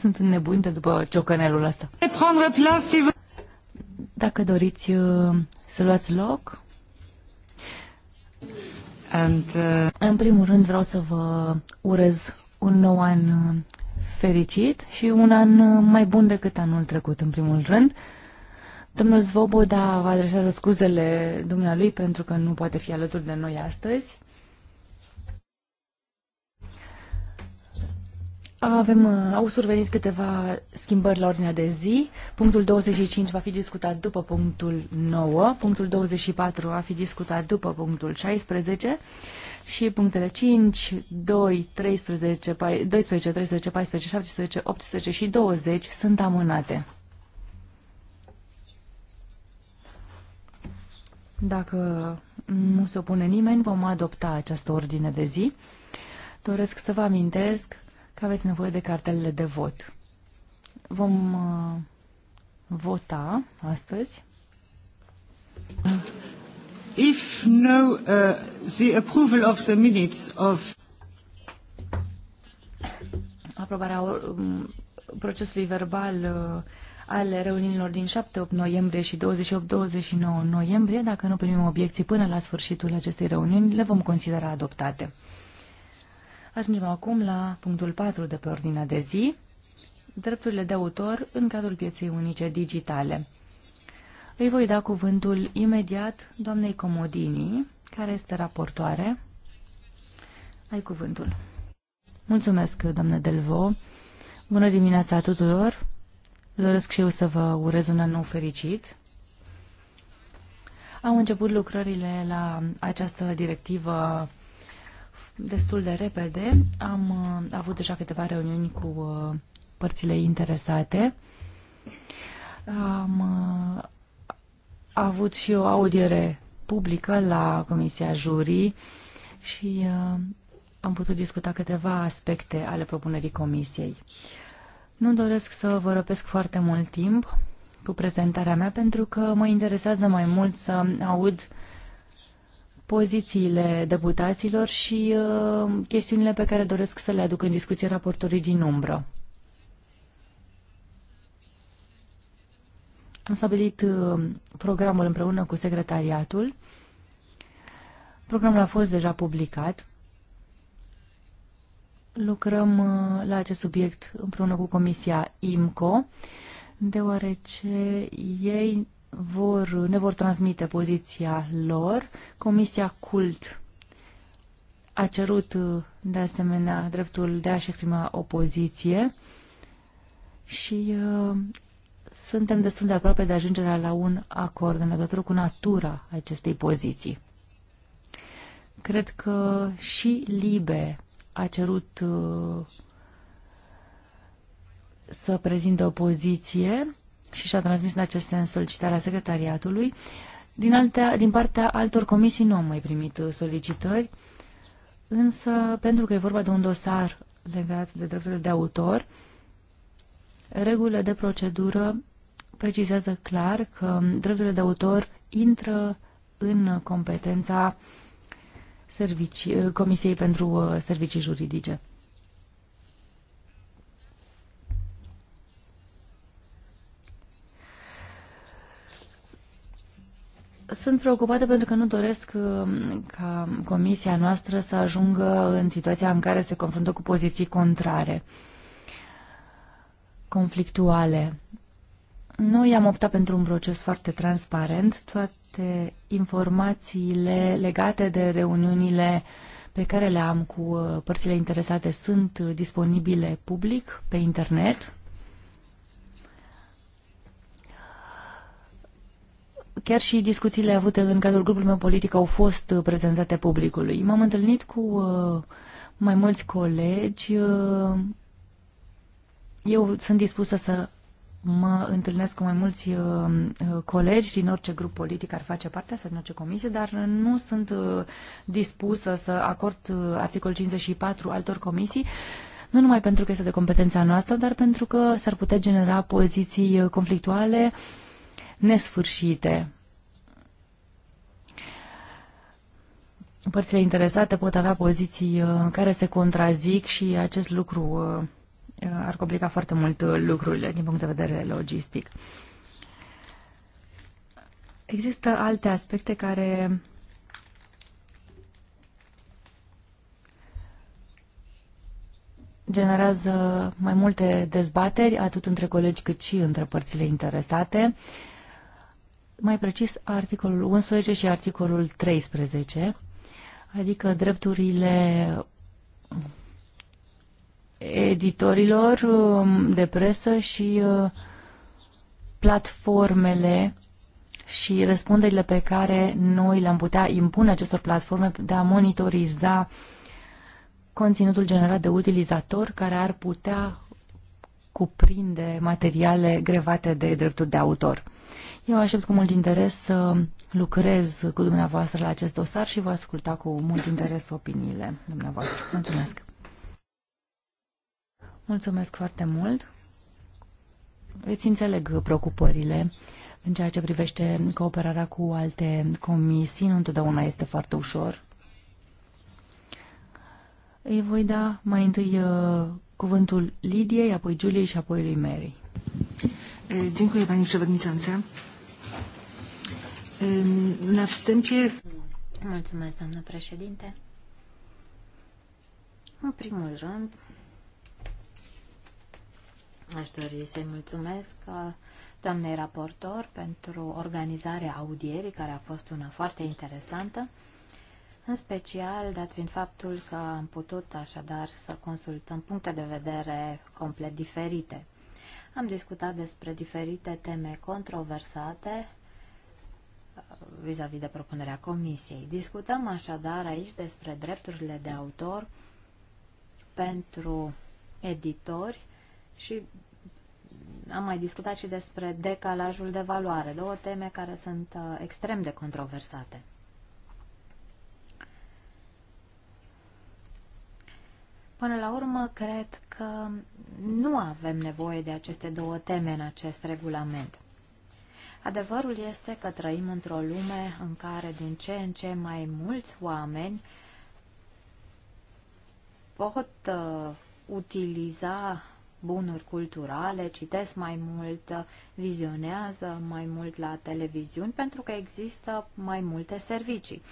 Sunt înnebunită după ciocanelul ăsta. Dacă doriți uh, să luați loc. And, uh... În primul rând vreau să vă urez un nou an uh, fericit și un an uh, mai bun decât anul trecut, în primul rând. Domnul Zvoboda vă adresează scuzele dumnealui pentru că nu poate fi alături de noi astăzi. Avem, uh, au survenit câteva schimbări la ordinea de zi. Punctul 25 va fi discutat după punctul 9, punctul 24 va fi discutat după punctul 16 și punctele 5, 2, 13, 12, 13, 14, 17, 18 și 20 sunt amânate. Dacă nu se opune nimeni, vom adopta această ordine de zi. Doresc să vă amintesc că aveți nevoie de cartelele de vot. Vom uh, vota astăzi. If no, uh, the approval of the minutes of aprobarea um, procesului verbal uh, al reuniunilor din 7-8 noiembrie și 28-29 noiembrie, dacă nu primim obiecții până la sfârșitul acestei reuniuni, le vom considera adoptate. Ajungem acum la punctul 4 de pe ordinea de zi, drepturile de autor în cadrul pieței unice digitale. Îi voi da cuvântul imediat doamnei Comodini, care este raportoare. Ai cuvântul. Mulțumesc, doamnă Delvo. Bună dimineața tuturor. Doresc și eu să vă urez un an nou fericit. Am început lucrările la această directivă destul de repede. Am uh, avut deja câteva reuniuni cu uh, părțile interesate. Am uh, avut și o audiere publică la Comisia Jurii și uh, am putut discuta câteva aspecte ale propunerii Comisiei. Nu doresc să vă răpesc foarte mult timp cu prezentarea mea pentru că mă interesează mai mult să aud uh, pozițiile deputaților și uh, chestiunile pe care doresc să le aduc în discuție raportorii din umbră. Am stabilit uh, programul împreună cu secretariatul. Programul a fost deja publicat. Lucrăm uh, la acest subiect împreună cu Comisia IMCO, deoarece ei vor, ne vor transmite poziția lor. Comisia CULT a cerut de asemenea dreptul de a-și exprima opoziție și uh, suntem destul de aproape de ajungerea la un acord în legătură cu natura acestei poziții. Cred că și Libe a cerut uh, să prezinte o poziție și și-a transmis în acest sens solicitarea secretariatului. Din, altea, din partea altor comisii nu am mai primit uh, solicitări, însă pentru că e vorba de un dosar legat de drepturile de autor, regulile de procedură precizează clar că drepturile de autor intră în competența servicii, uh, Comisiei pentru uh, Servicii Juridice. Sunt preocupată pentru că nu doresc uh, ca comisia noastră să ajungă în situația în care se confruntă cu poziții contrare, conflictuale. Noi am optat pentru un proces foarte transparent. Toate informațiile legate de reuniunile pe care le am cu uh, părțile interesate sunt uh, disponibile public pe internet. chiar și discuțiile avute în cadrul grupului meu politic au fost uh, prezentate publicului. M-am întâlnit cu uh, mai mulți colegi. Uh, eu sunt dispusă să mă întâlnesc cu mai mulți colegi din orice grup politic ar face parte, sau din orice comisie, dar nu sunt dispusă să acord articolul 54 altor comisii, nu numai pentru că este de competența noastră, dar pentru că s-ar putea genera poziții conflictuale uh, nesfârșite. Părțile interesate pot avea poziții uh, care se contrazic și acest lucru uh, uh, ar complica foarte mult lucrurile din punct de vedere logistic. Există alte aspecte care generează mai multe dezbateri, atât între colegi cât și între părțile interesate. Uh, mai precis articolul 11 și articolul 13, adică drepturile editorilor um, de presă și uh, platformele și răspunderile pe care noi le-am putea impune acestor platforme de a monitoriza conținutul generat de utilizator care ar putea cuprinde materiale grevate de drepturi de autor. Eu aștept cu mult interes să lucrez cu dumneavoastră la acest dosar și vă asculta cu mult interes opiniile dumneavoastră. Mulțumesc! Mulțumesc foarte mult! Îți înțeleg preocupările în ceea ce privește cooperarea cu alte comisii. Nu întotdeauna este foarte ușor. Îi voi da mai întâi uh, cuvântul Lidiei, apoi Juliei și apoi lui Mary. Eh, dziękuję Pani Przewodnicząca. Na wstępie... Mulțumesc, doamnă președinte. În primul rând, aș dori să-i mulțumesc uh, doamnei raportor pentru organizarea audierii, care a fost una foarte interesantă, în special dat fiind faptul că am putut așadar să consultăm puncte de vedere complet diferite. Am discutat despre diferite teme controversate, vis-a-vis -vis de propunerea comisiei. Discutăm așadar aici despre drepturile de autor pentru editori și am mai discutat și despre decalajul de valoare, două teme care sunt uh, extrem de controversate. Până la urmă, cred că nu avem nevoie de aceste două teme în acest regulament. Adevărul este că trăim într-o lume în care din ce în ce mai mulți oameni pot uh, utiliza bunuri culturale, citesc mai mult, uh, vizionează mai mult la televiziuni, pentru că există mai multe servicii.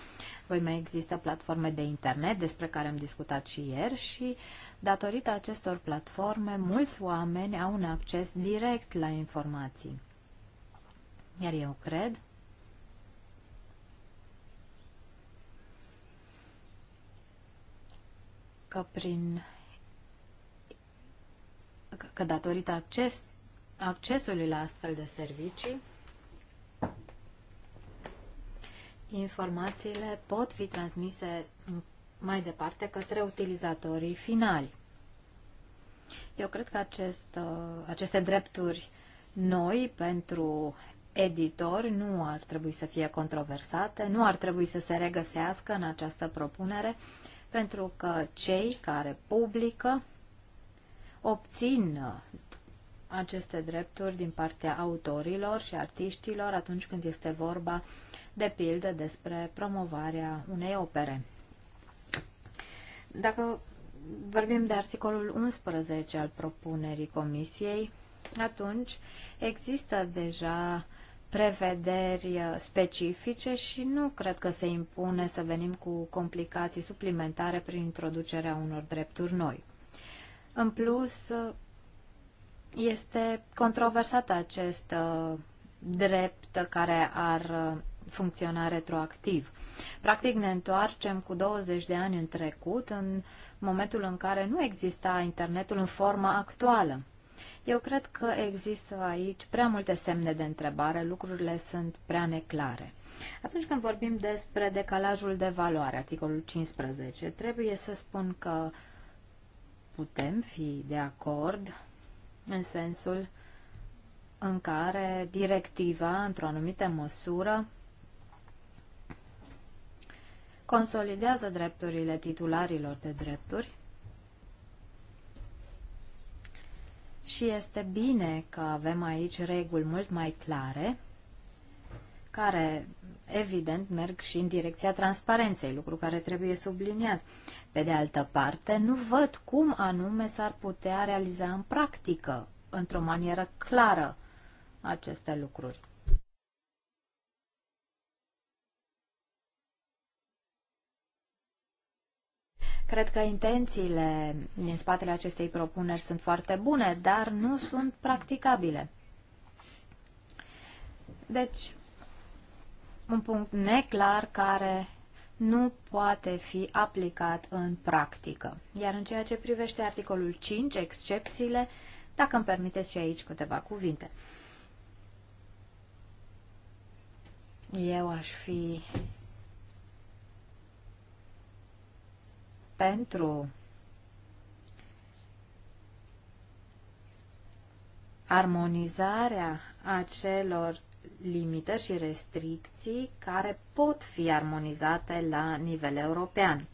Voi mai există platforme de internet, despre care am discutat și ieri, și datorită acestor platforme, mulți oameni au un acces direct la informații. Iar eu cred că prin că datorită acces, accesului la astfel de servicii informațiile pot fi transmise mai departe către utilizatorii finali. Eu cred că acest, uh, aceste drepturi noi pentru Editor nu ar trebui să fie controversate, nu ar trebui să se regăsească în această propunere, pentru că cei care publică obțin uh, aceste drepturi din partea autorilor și artiștilor atunci când este vorba, de pildă, despre promovarea unei opere. Dacă vorbim de articolul 11 al propunerii Comisiei, atunci există deja prevederi uh, specifice și nu cred că se impune să venim cu complicații suplimentare prin introducerea unor drepturi noi. În plus, uh, este controversat acest uh, drept care ar funcționa retroactiv. Practic ne întoarcem cu 20 de ani în trecut, în momentul în care nu exista internetul în forma actuală. Eu cred că există aici prea multe semne de întrebare, lucrurile sunt prea neclare. Atunci când vorbim despre decalajul de valoare, articolul 15, trebuie să spun că putem fi de acord în sensul în care directiva, într-o anumită măsură, consolidează drepturile titularilor de drepturi Și este bine că avem aici reguli mult mai clare, care, evident, merg și în direcția transparenței, lucru care trebuie subliniat. Pe de altă parte, nu văd cum anume s-ar putea realiza în practică, într-o manieră clară, aceste lucruri. Cred că intențiile din spatele acestei propuneri sunt foarte bune, dar nu sunt practicabile. Deci, un punct neclar care nu poate fi aplicat în practică. Iar în ceea ce privește articolul 5, excepțiile, dacă îmi permiteți și aici câteva cuvinte. Eu aș fi pentru armonizarea acelor limite și restricții care pot fi armonizate la nivel european.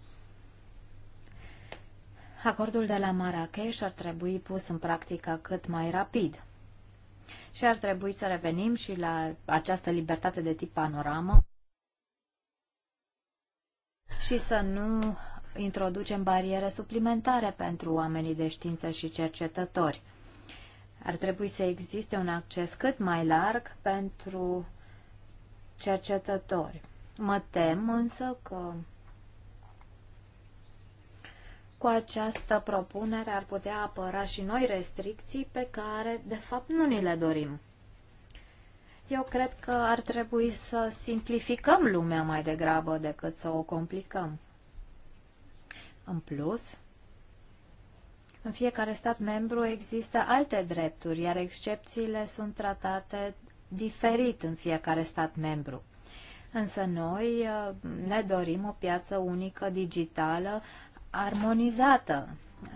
Acordul de la Marrakesh ar trebui pus în practică cât mai rapid. Și ar trebui să revenim și la această libertate de tip panoramă și să nu introducem bariere suplimentare pentru oamenii de știință și cercetători. Ar trebui să existe un acces cât mai larg pentru cercetători. Mă tem însă că cu această propunere ar putea apăra și noi restricții pe care, de fapt, nu ni le dorim. Eu cred că ar trebui să simplificăm lumea mai degrabă decât să o complicăm. În plus, în fiecare stat membru există alte drepturi, iar excepțiile sunt tratate diferit în fiecare stat membru. Însă noi uh, ne dorim o piață unică digitală armonizată.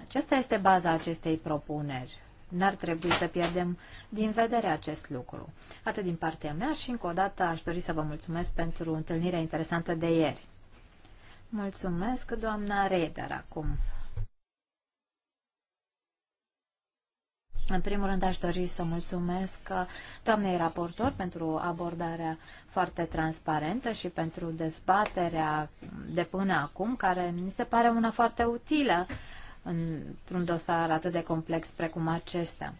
Aceasta este baza acestei propuneri. N-ar trebui să pierdem din vedere acest lucru. Atât din partea mea și încă o dată aș dori să vă mulțumesc pentru întâlnirea interesantă de ieri. Mulțumesc, doamna Reder, acum. În primul rând aș dori să mulțumesc doamnei raportor pentru abordarea foarte transparentă și pentru dezbaterea de până acum, care mi se pare una foarte utilă într-un dosar atât de complex precum acesta.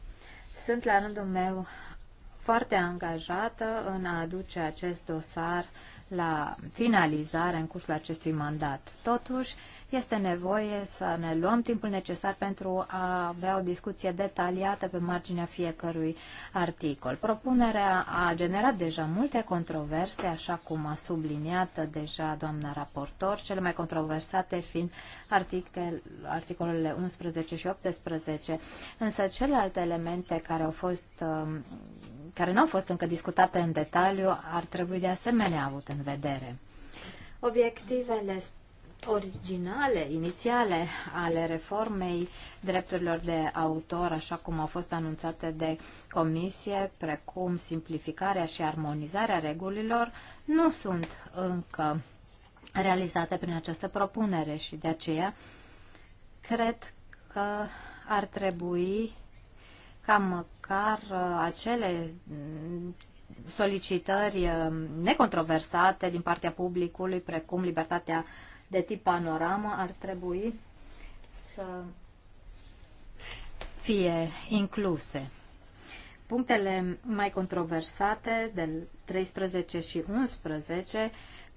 Sunt la rândul meu foarte angajată în a aduce acest dosar la finalizare în cursul acestui mandat. Totuși, este nevoie să ne luăm timpul necesar pentru a avea o discuție detaliată pe marginea fiecărui articol. Propunerea a generat deja multe controverse, așa cum a subliniat deja doamna raportor, cele mai controversate fiind articol, articolele 11 și 18, însă celelalte elemente care au fost um, care nu au fost încă discutate în detaliu ar trebui de asemenea avut în vedere. Obiectivele originale, inițiale ale reformei drepturilor de autor, așa cum au fost anunțate de comisie, precum simplificarea și armonizarea regulilor, nu sunt încă realizate prin această propunere și de aceea cred că ar trebui ca măcar uh, acele mm, solicitări uh, necontroversate din partea publicului, precum libertatea de tip panoramă, ar trebui să fie incluse. Punctele mai controversate de 13 și 11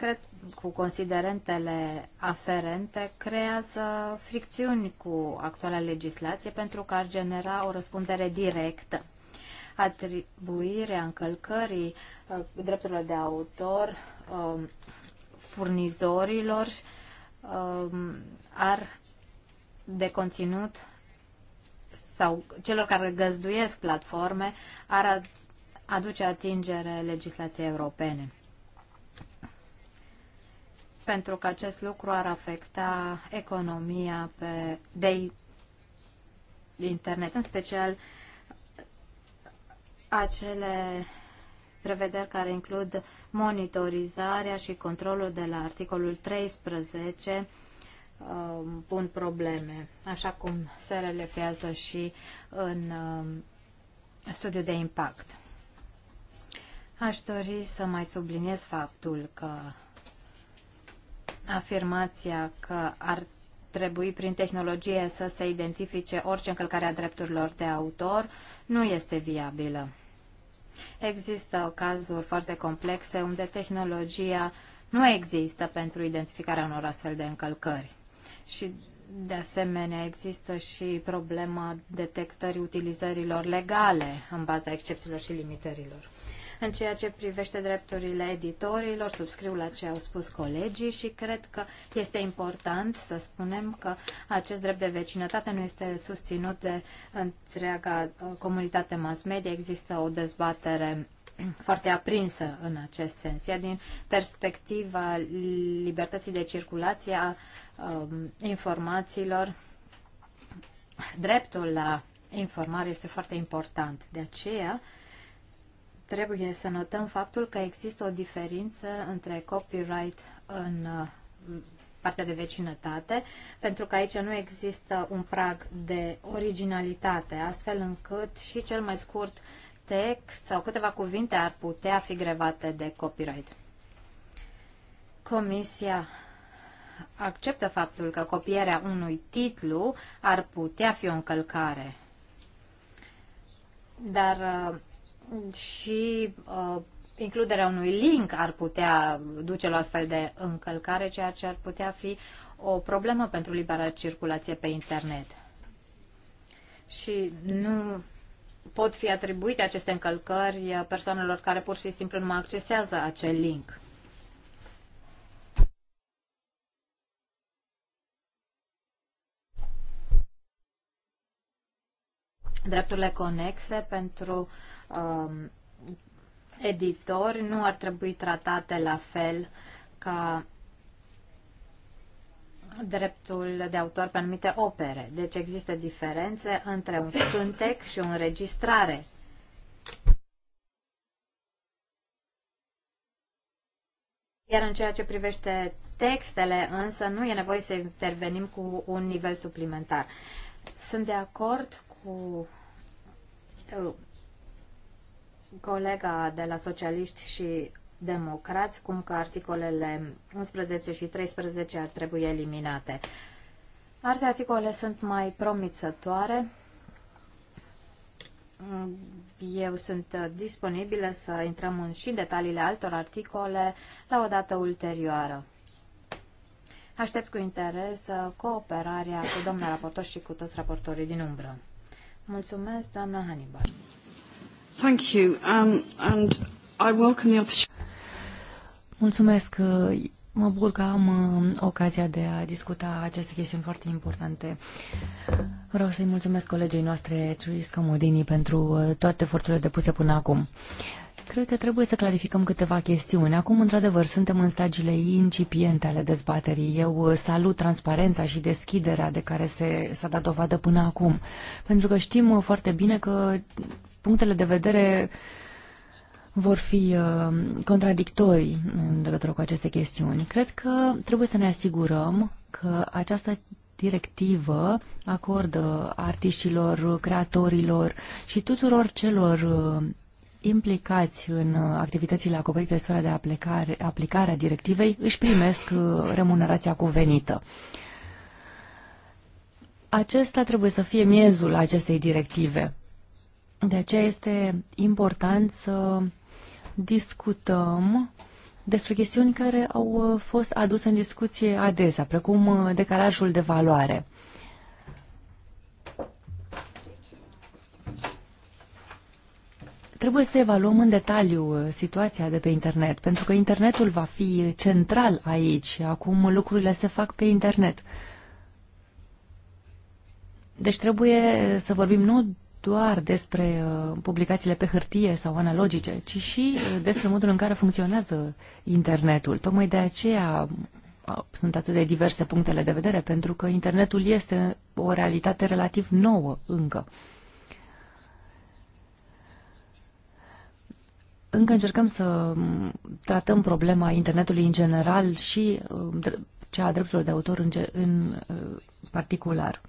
cred, cu considerentele aferente creează fricțiuni cu actuala legislație pentru că ar genera o răspundere directă. Atribuirea încălcării uh, drepturilor de autor um, furnizorilor um, ar de conținut sau celor care găzduiesc platforme ar aduce atingere legislației europene pentru că acest lucru ar afecta economia pe, de internet, în special acele prevederi care includ monitorizarea și controlul de la articolul 13 um, pun probleme, așa cum se relefează și în um, studiul de impact. Aș dori să mai subliniez faptul că afirmația că ar trebui prin tehnologie să se identifice orice încălcare a drepturilor de autor nu este viabilă. Există cazuri foarte complexe unde tehnologia nu există pentru identificarea unor astfel de încălcări. Și de asemenea, există și problema detectării utilizărilor legale în baza excepțiilor și limitărilor. În ceea ce privește drepturile editorilor, subscriu la ce au spus colegii și cred că este important să spunem că acest drept de vecinătate nu este susținut de întreaga uh, comunitate mass media. Există o dezbatere foarte aprinsă în acest sens. Iar din perspectiva libertății de circulație a um, informațiilor, dreptul la informare este foarte important. De aceea, trebuie să notăm faptul că există o diferență între copyright în uh, partea de vecinătate, pentru că aici nu există un prag de originalitate, astfel încât și cel mai scurt text sau câteva cuvinte ar putea fi grevate de copyright. Comisia acceptă faptul că copierea unui titlu ar putea fi o încălcare. Dar uh, și uh, includerea unui link ar putea duce la astfel de încălcare, ceea ce ar putea fi o problemă pentru libera circulație pe internet. Și nu pot fi atribuite aceste încălcări uh, persoanelor care pur și simplu nu accesează acel link. drepturile conexe pentru um, editori nu ar trebui tratate la fel ca dreptul de autor pe anumite opere. Deci există diferențe între un cântec și o înregistrare. Iar în ceea ce privește textele, însă, nu e nevoie să intervenim cu un nivel suplimentar. Sunt de acord cu colega de la Socialiști și Democrați, cum că articolele 11 și 13 ar trebui eliminate. Alte articole sunt mai promițătoare. Eu sunt disponibilă să intrăm în și detaliile altor articole la o dată ulterioară. Aștept cu interes cooperarea cu domnul raportor și cu toți raportorii din umbră. Mulțumesc, doamna Hannibal. Thank you. Um, and I welcome the opportunity. Mulțumesc. Uh, mă bucur că am uh, ocazia de a discuta aceste chestiuni foarte importante. Vreau să-i mulțumesc colegei noastre, Ciulis Comodini, pentru uh, toate eforturile depuse până acum. Uh, Cred că trebuie să clarificăm câteva chestiuni. Acum, într-adevăr, suntem în stagiile incipiente ale dezbaterii. Eu uh, salut transparența și deschiderea de care s-a dat dovadă până acum. Pentru că știm uh, foarte bine că punctele de vedere vor fi contradictori uh, contradictorii în legătură cu aceste chestiuni. Cred că trebuie să ne asigurăm că această directivă acordă artiștilor, creatorilor și tuturor celor uh, implicați în uh, activitățile acoperite de sfera de aplicare, aplicare a directivei își primesc uh, remunerația cuvenită. Acesta trebuie să fie miezul acestei directive. De aceea este important să discutăm despre chestiuni care au uh, fost aduse în discuție adesea, precum decalajul de valoare. Trebuie să evaluăm în detaliu uh, situația de pe internet, pentru că internetul va fi central aici. Acum lucrurile se fac pe internet. Deci trebuie să vorbim nu doar despre uh, publicațiile pe hârtie sau analogice, ci și uh, despre modul în care funcționează internetul. Tocmai de aceea sunt atât de diverse punctele de vedere, pentru că internetul este o realitate relativ nouă încă. încă încercăm să tratăm problema internetului în general și um, cea a drepturilor de autor în, în uh, particular.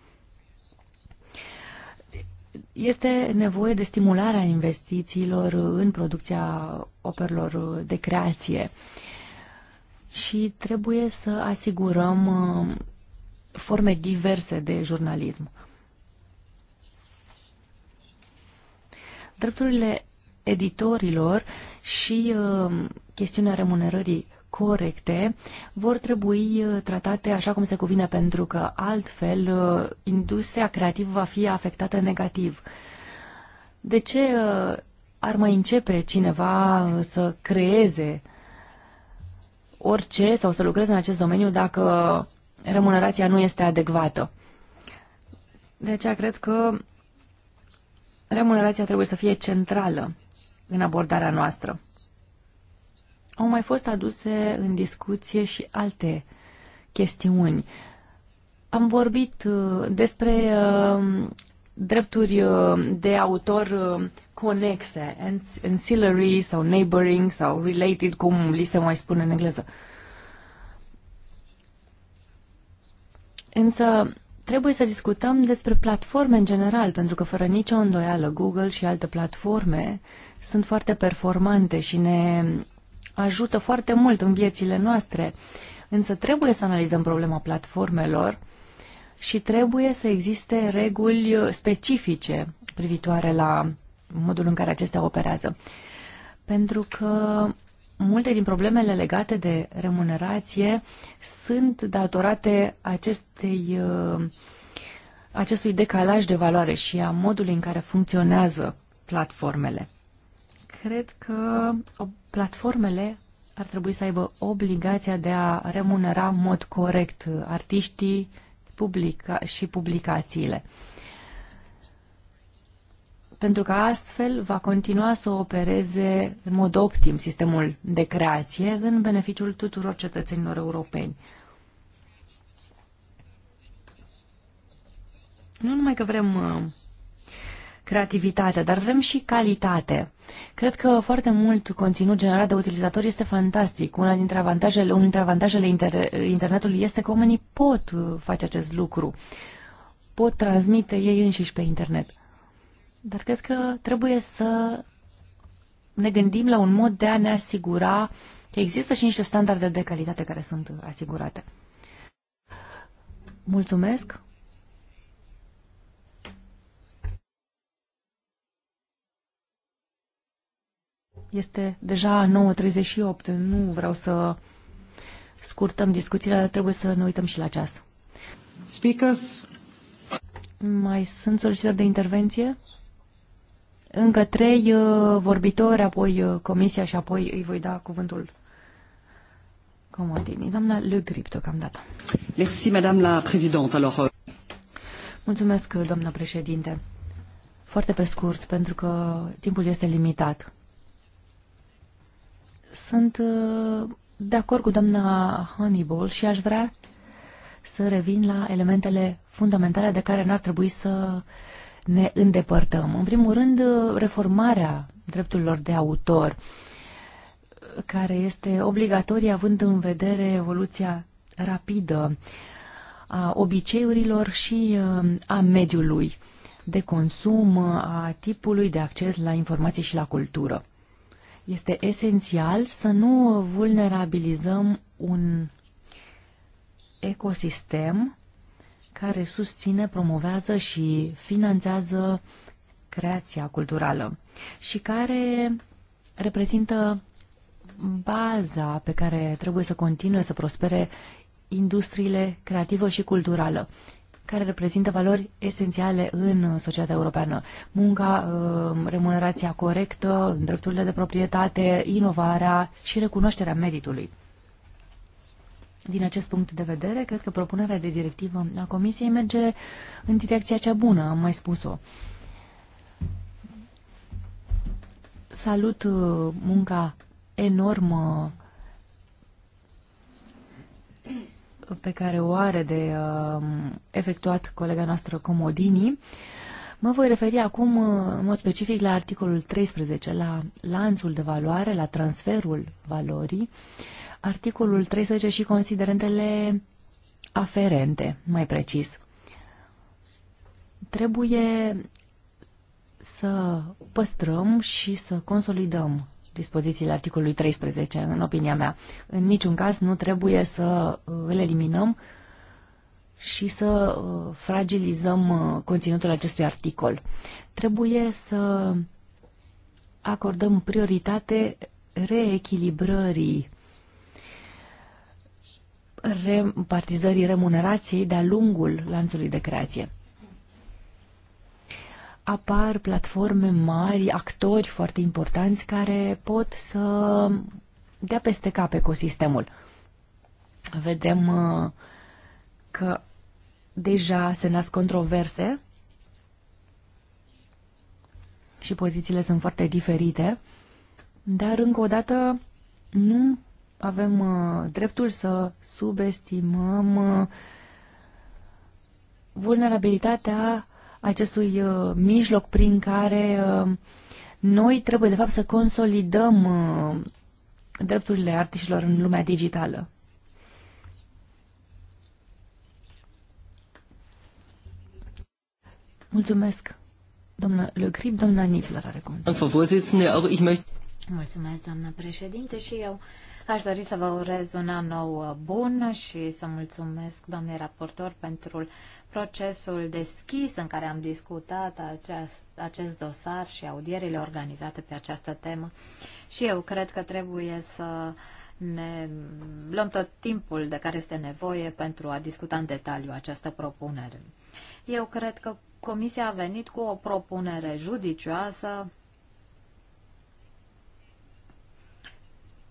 Este nevoie de stimularea investițiilor în producția operelor de creație și trebuie să asigurăm um, forme diverse de jurnalism. Drepturile editorilor și uh, chestiunea remunerării corecte vor trebui uh, tratate așa cum se cuvine, pentru că altfel uh, industria creativă va fi afectată negativ. De ce ar mai începe cineva să creeze orice sau să lucreze în acest domeniu dacă remunerația nu este adecvată? De aceea cred că remunerația trebuie să fie centrală în abordarea noastră. Au mai fost aduse în discuție și alte chestiuni. Am vorbit uh, despre uh, drepturi uh, de autor conexe, ancillary sau neighboring sau related, cum li se mai spune în engleză. Însă Trebuie să discutăm despre platforme în general, pentru că fără nicio îndoială Google și alte platforme sunt foarte performante și ne ajută foarte mult în viețile noastre. Însă trebuie să analizăm problema platformelor și trebuie să existe reguli specifice privitoare la modul în care acestea operează. Pentru că multe din problemele legate de remunerație sunt datorate acestei, uh, acestui decalaj de valoare și a modului în care funcționează platformele. Cred că platformele ar trebui să aibă obligația de a remunera în mod corect artiștii public și publicațiile pentru că astfel va continua să opereze în mod optim sistemul de creație în beneficiul tuturor cetățenilor europeni. Nu numai că vrem uh, creativitate, dar vrem și calitate. Cred că foarte mult conținut generat de utilizatori este fantastic. Una dintre avantajele, unul dintre avantajele inter- internetului este că oamenii pot uh, face acest lucru. Pot transmite ei înșiși pe internet. Dar cred că trebuie să ne gândim la un mod de a ne asigura că există și niște standarde de calitate care sunt asigurate. Mulțumesc! Este deja 9.38, nu vreau să scurtăm discuțiile, dar trebuie să ne uităm și la ceas. Speakers? Mai sunt solicitări de intervenție? încă trei uh, vorbitori, apoi uh, comisia și apoi îi voi da cuvântul Comodini. Doamna Le Grip, deocamdată. Merci, madame la présidente. Alors... Euh, Mulțumesc, uh, doamna președinte. Foarte pe scurt, pentru că timpul este limitat. Sunt de acord cu doamna Honeyball și aș vrea să revin la elementele fundamentale de care n-ar trebui să ne îndepărtăm. În primul rând, reformarea drepturilor de autor, care este obligatorie având în vedere evoluția rapidă a obiceiurilor și a mediului de consum, a tipului de acces la informații și la cultură. Este esențial să nu vulnerabilizăm un ecosistem care susține, promovează și finanțează creația culturală și care reprezintă baza pe care trebuie să continue să prospere industriile creativă și culturală, care reprezintă valori esențiale în societatea europeană. Munca, uh, remunerația corectă, drepturile de proprietate, inovarea și recunoașterea meritului. Din acest punct de vedere, cred că propunerea de directivă a Comisiei merge în direcția cea bună, am mai spus-o. Salut uh, munca enormă pe care o are de uh, efectuat colega noastră Comodini. Mă voi referi acum uh, în mod specific la articolul 13, la lanțul de valoare, la transferul valorii. Uh, articolul 13 și considerentele aferente, mai precis. Trebuie să păstrăm și să consolidăm dispozițiile articolului 13, în opinia mea. În niciun caz nu trebuie să uh, îl eliminăm și să uh, fragilizăm uh, conținutul acestui articol. Trebuie să acordăm prioritate reechilibrării repartizării remunerației de-a lungul lanțului de creație. Apar platforme mari, actori foarte importanți care pot să dea peste cap ecosistemul. Vedem uh, că deja se nasc controverse și pozițiile sunt foarte diferite, dar încă o dată nu avem uh, dreptul să subestimăm uh, vulnerabilitatea acestui uh, mijloc prin care uh, noi trebuie, de fapt, să consolidăm uh, drepturile artiștilor în lumea digitală. Mulțumesc, doamna Le Grip, doamna Nifler are cuvântul. Mulțumesc, doamna președinte, și eu Aș dori să vă urez un an nou uh, bun și să mulțumesc, doamne raportor, pentru procesul deschis în care am discutat acest, acest dosar și audierile organizate pe această temă. Și eu cred că trebuie să ne luăm tot timpul de care este nevoie pentru a discuta în detaliu această propunere. Eu cred că Comisia a venit cu o propunere judicioasă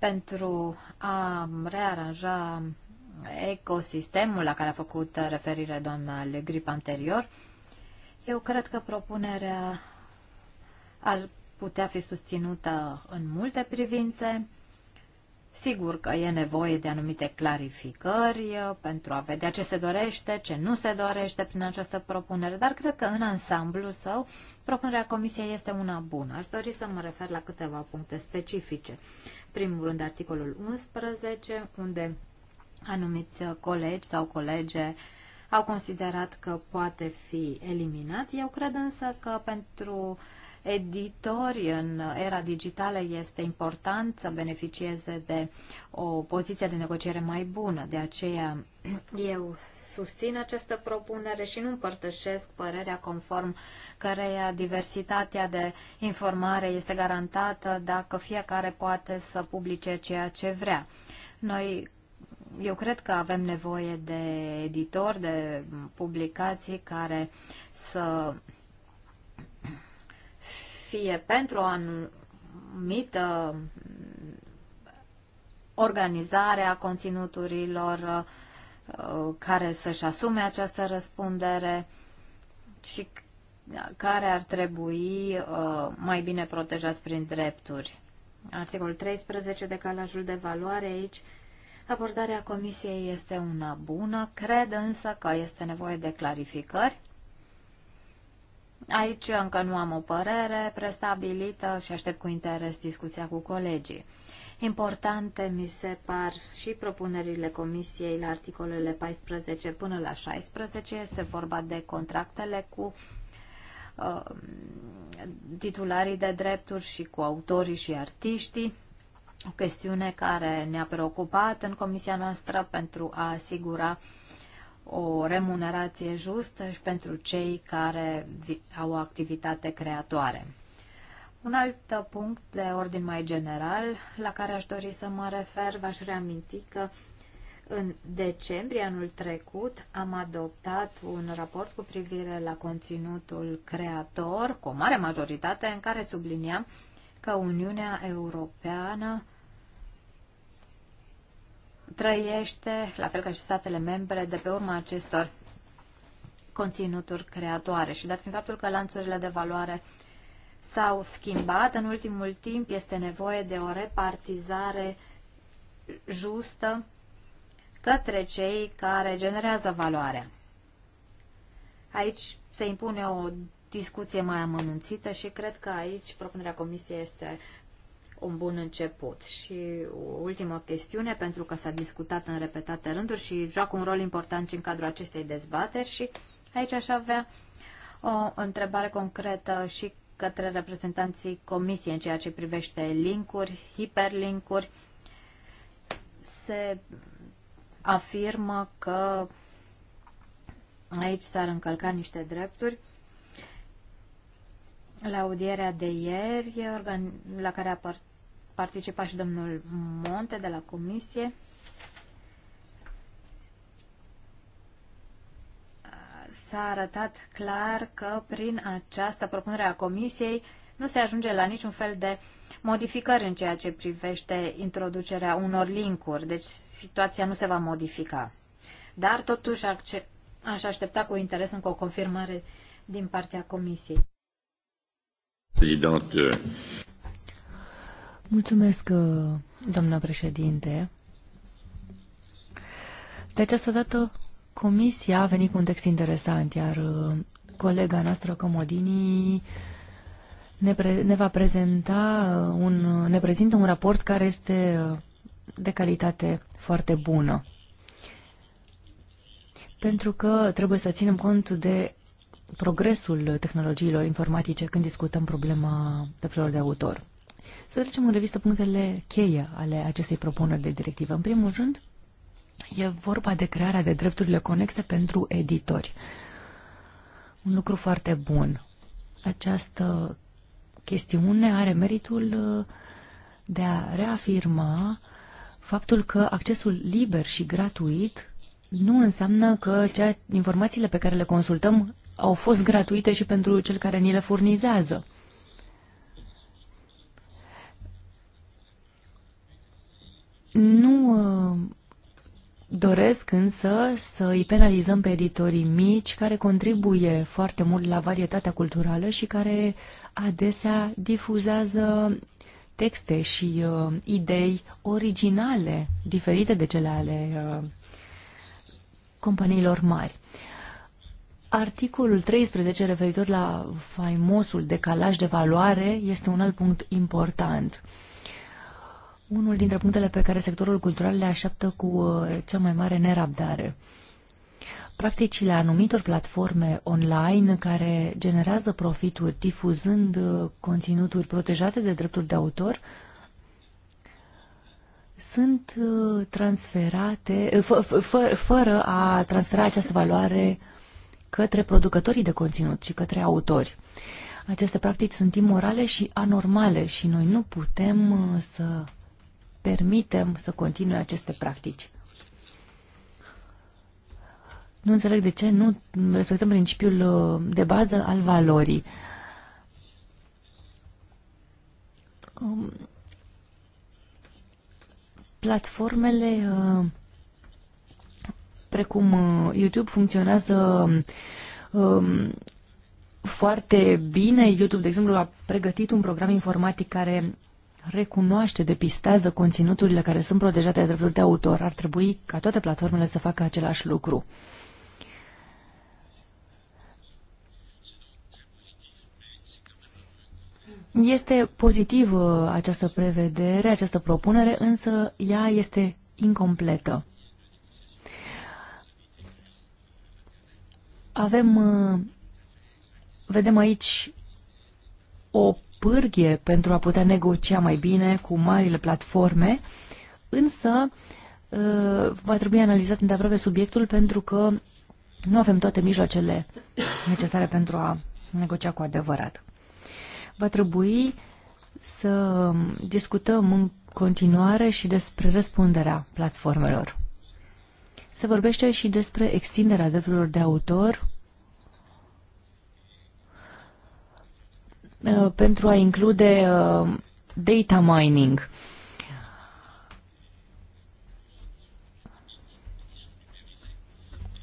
pentru a rearanja ecosistemul la care a făcut referire doamna Legrip anterior, eu cred că propunerea ar putea fi susținută în multe privințe. Sigur că e nevoie de anumite clarificări uh, pentru a vedea ce se dorește, ce nu se dorește prin această propunere, dar cred că în ansamblu său propunerea Comisiei este una bună. Aș dori să mă refer la câteva puncte specifice primul rând articolul 11, unde anumiți colegi sau colege au considerat că poate fi eliminat. Eu cred însă că pentru uh, editori în era digitală este important să beneficieze de o poziție de negociere mai bună. De aceea eu susțin această propunere și nu împărtășesc părerea conform căreia diversitatea de informare este garantată dacă fiecare poate să publice ceea ce vrea. Noi eu cred că avem nevoie de editori, de publicații care să fie pentru o anumită organizare a conținuturilor uh, care să-și asume această răspundere și care ar trebui uh, mai bine protejați prin drepturi. Articolul 13, decalajul de valoare aici, abordarea comisiei este una bună, cred însă că este nevoie de clarificări Aici încă nu am o părere prestabilită și aștept cu interes discuția cu colegii. Importante mi se par și propunerile Comisiei la articolele 14 până la 16. Este vorba de contractele cu uh, titularii de drepturi și cu autorii și artiștii. O chestiune care ne-a preocupat în comisia noastră pentru a asigura uh, o remunerație justă și pentru cei care au o activitate creatoare. Un alt punct de ordin mai general la care aș dori să mă refer, v-aș reaminti că în decembrie anul trecut am adoptat un raport cu privire la conținutul creator, cu o mare majoritate, în care subliniam că Uniunea Europeană trăiește, la fel ca și statele membre, de pe urma acestor conținuturi creatoare. Și dat fiind faptul că lanțurile de valoare s-au schimbat, în ultimul timp este nevoie de o repartizare justă către cei care generează valoarea. Aici se impune o discuție mai amănunțită și cred că aici propunerea Comisiei este un bun început. Și o ultimă chestiune, pentru că s-a discutat în repetate rânduri și joacă un rol important și în cadrul acestei dezbateri și aici aș avea o întrebare concretă și către reprezentanții comisiei în ceea ce privește linkuri, hiperlinkuri. Se afirmă că aici s-ar încălca niște drepturi. La audierea de ieri, la care a participa și domnul Monte de la Comisie. S-a arătat clar că prin această propunere a Comisiei nu se ajunge la niciun fel de modificări în ceea ce privește introducerea unor linkuri, deci situația nu se va modifica. Dar totuși aș aștepta cu interes încă o confirmare din partea Comisiei. Presidente, Mulțumesc, uh, doamna președinte. De această dată, comisia a venit cu un text interesant, iar uh, colega noastră Comodini ne, pre, ne va prezenta uh, un, ne prezintă un raport care este de calitate foarte bună. Pentru că trebuie să ținem cont de progresul tehnologiilor informatice când discutăm problema drepturilor de autor. Să trecem în revistă punctele cheie ale acestei propuneri de directivă. În primul rând, e vorba de crearea de drepturile conexe pentru editori. Un lucru foarte bun. Această chestiune are meritul uh, de a reafirma faptul că accesul liber și gratuit nu înseamnă că cea, informațiile pe care le consultăm au fost gratuite și pentru cel care ni le furnizează. Nu uh, doresc însă să îi penalizăm pe editorii mici care contribuie foarte mult la varietatea culturală și care adesea difuzează texte și uh, idei originale, diferite de cele ale uh, companiilor mari. Articolul 13 referitor la faimosul decalaj de valoare este un alt punct important. Uh, unul dintre punctele pe care sectorul cultural le așteaptă cu uh, cea mai mare nerabdare. Practicile anumitor platforme online care generează profituri difuzând uh, conținuturi protejate de drepturi de autor sunt uh, transferate fără a transfera această valoare către producătorii de conținut și către autori. Aceste practici sunt imorale și anormale și noi nu putem să permitem să continue aceste practici. Nu înțeleg de ce nu respectăm principiul uh, de bază al valorii. Um, platformele uh, precum uh, YouTube funcționează um, foarte bine. YouTube, de exemplu, a pregătit un program informatic care recunoaște, depistează conținuturile care sunt protejate de drepturi de autor. Ar trebui ca toate platformele să facă același lucru. Este pozitivă uh, această prevedere, această propunere, însă ea este incompletă. Avem, uh, vedem aici o pârghie pentru a putea negocia mai bine cu marile platforme, însă ă, va trebui analizat îndeaproape subiectul pentru că nu avem toate mijloacele necesare pentru a negocia cu adevărat. Va trebui să discutăm în continuare și despre răspunderea platformelor. Se vorbește și despre extinderea drepturilor de autor Da. Uh, pentru a include uh, data mining.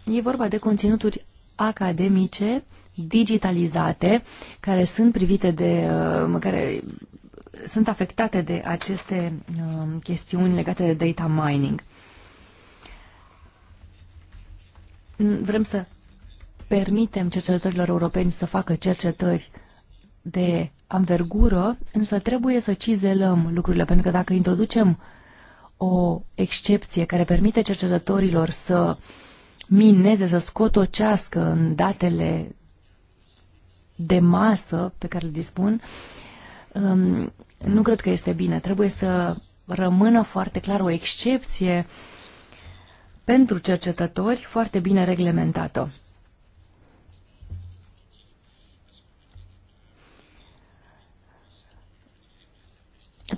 E vorba de conținuturi academice digitalizate care sunt privite de uh, care sunt afectate de aceste chestiuni legate de data mining. Vrem să permitem cercetătorilor europeni să facă cercetări de anvergură, însă trebuie să cizelăm lucrurile, pentru că dacă introducem o excepție care permite cercetătorilor să mineze, să scotocească în datele de masă pe care le dispun, um, nu cred că este bine. Trebuie să rămână foarte clar o excepție pentru cercetători foarte bine reglementată.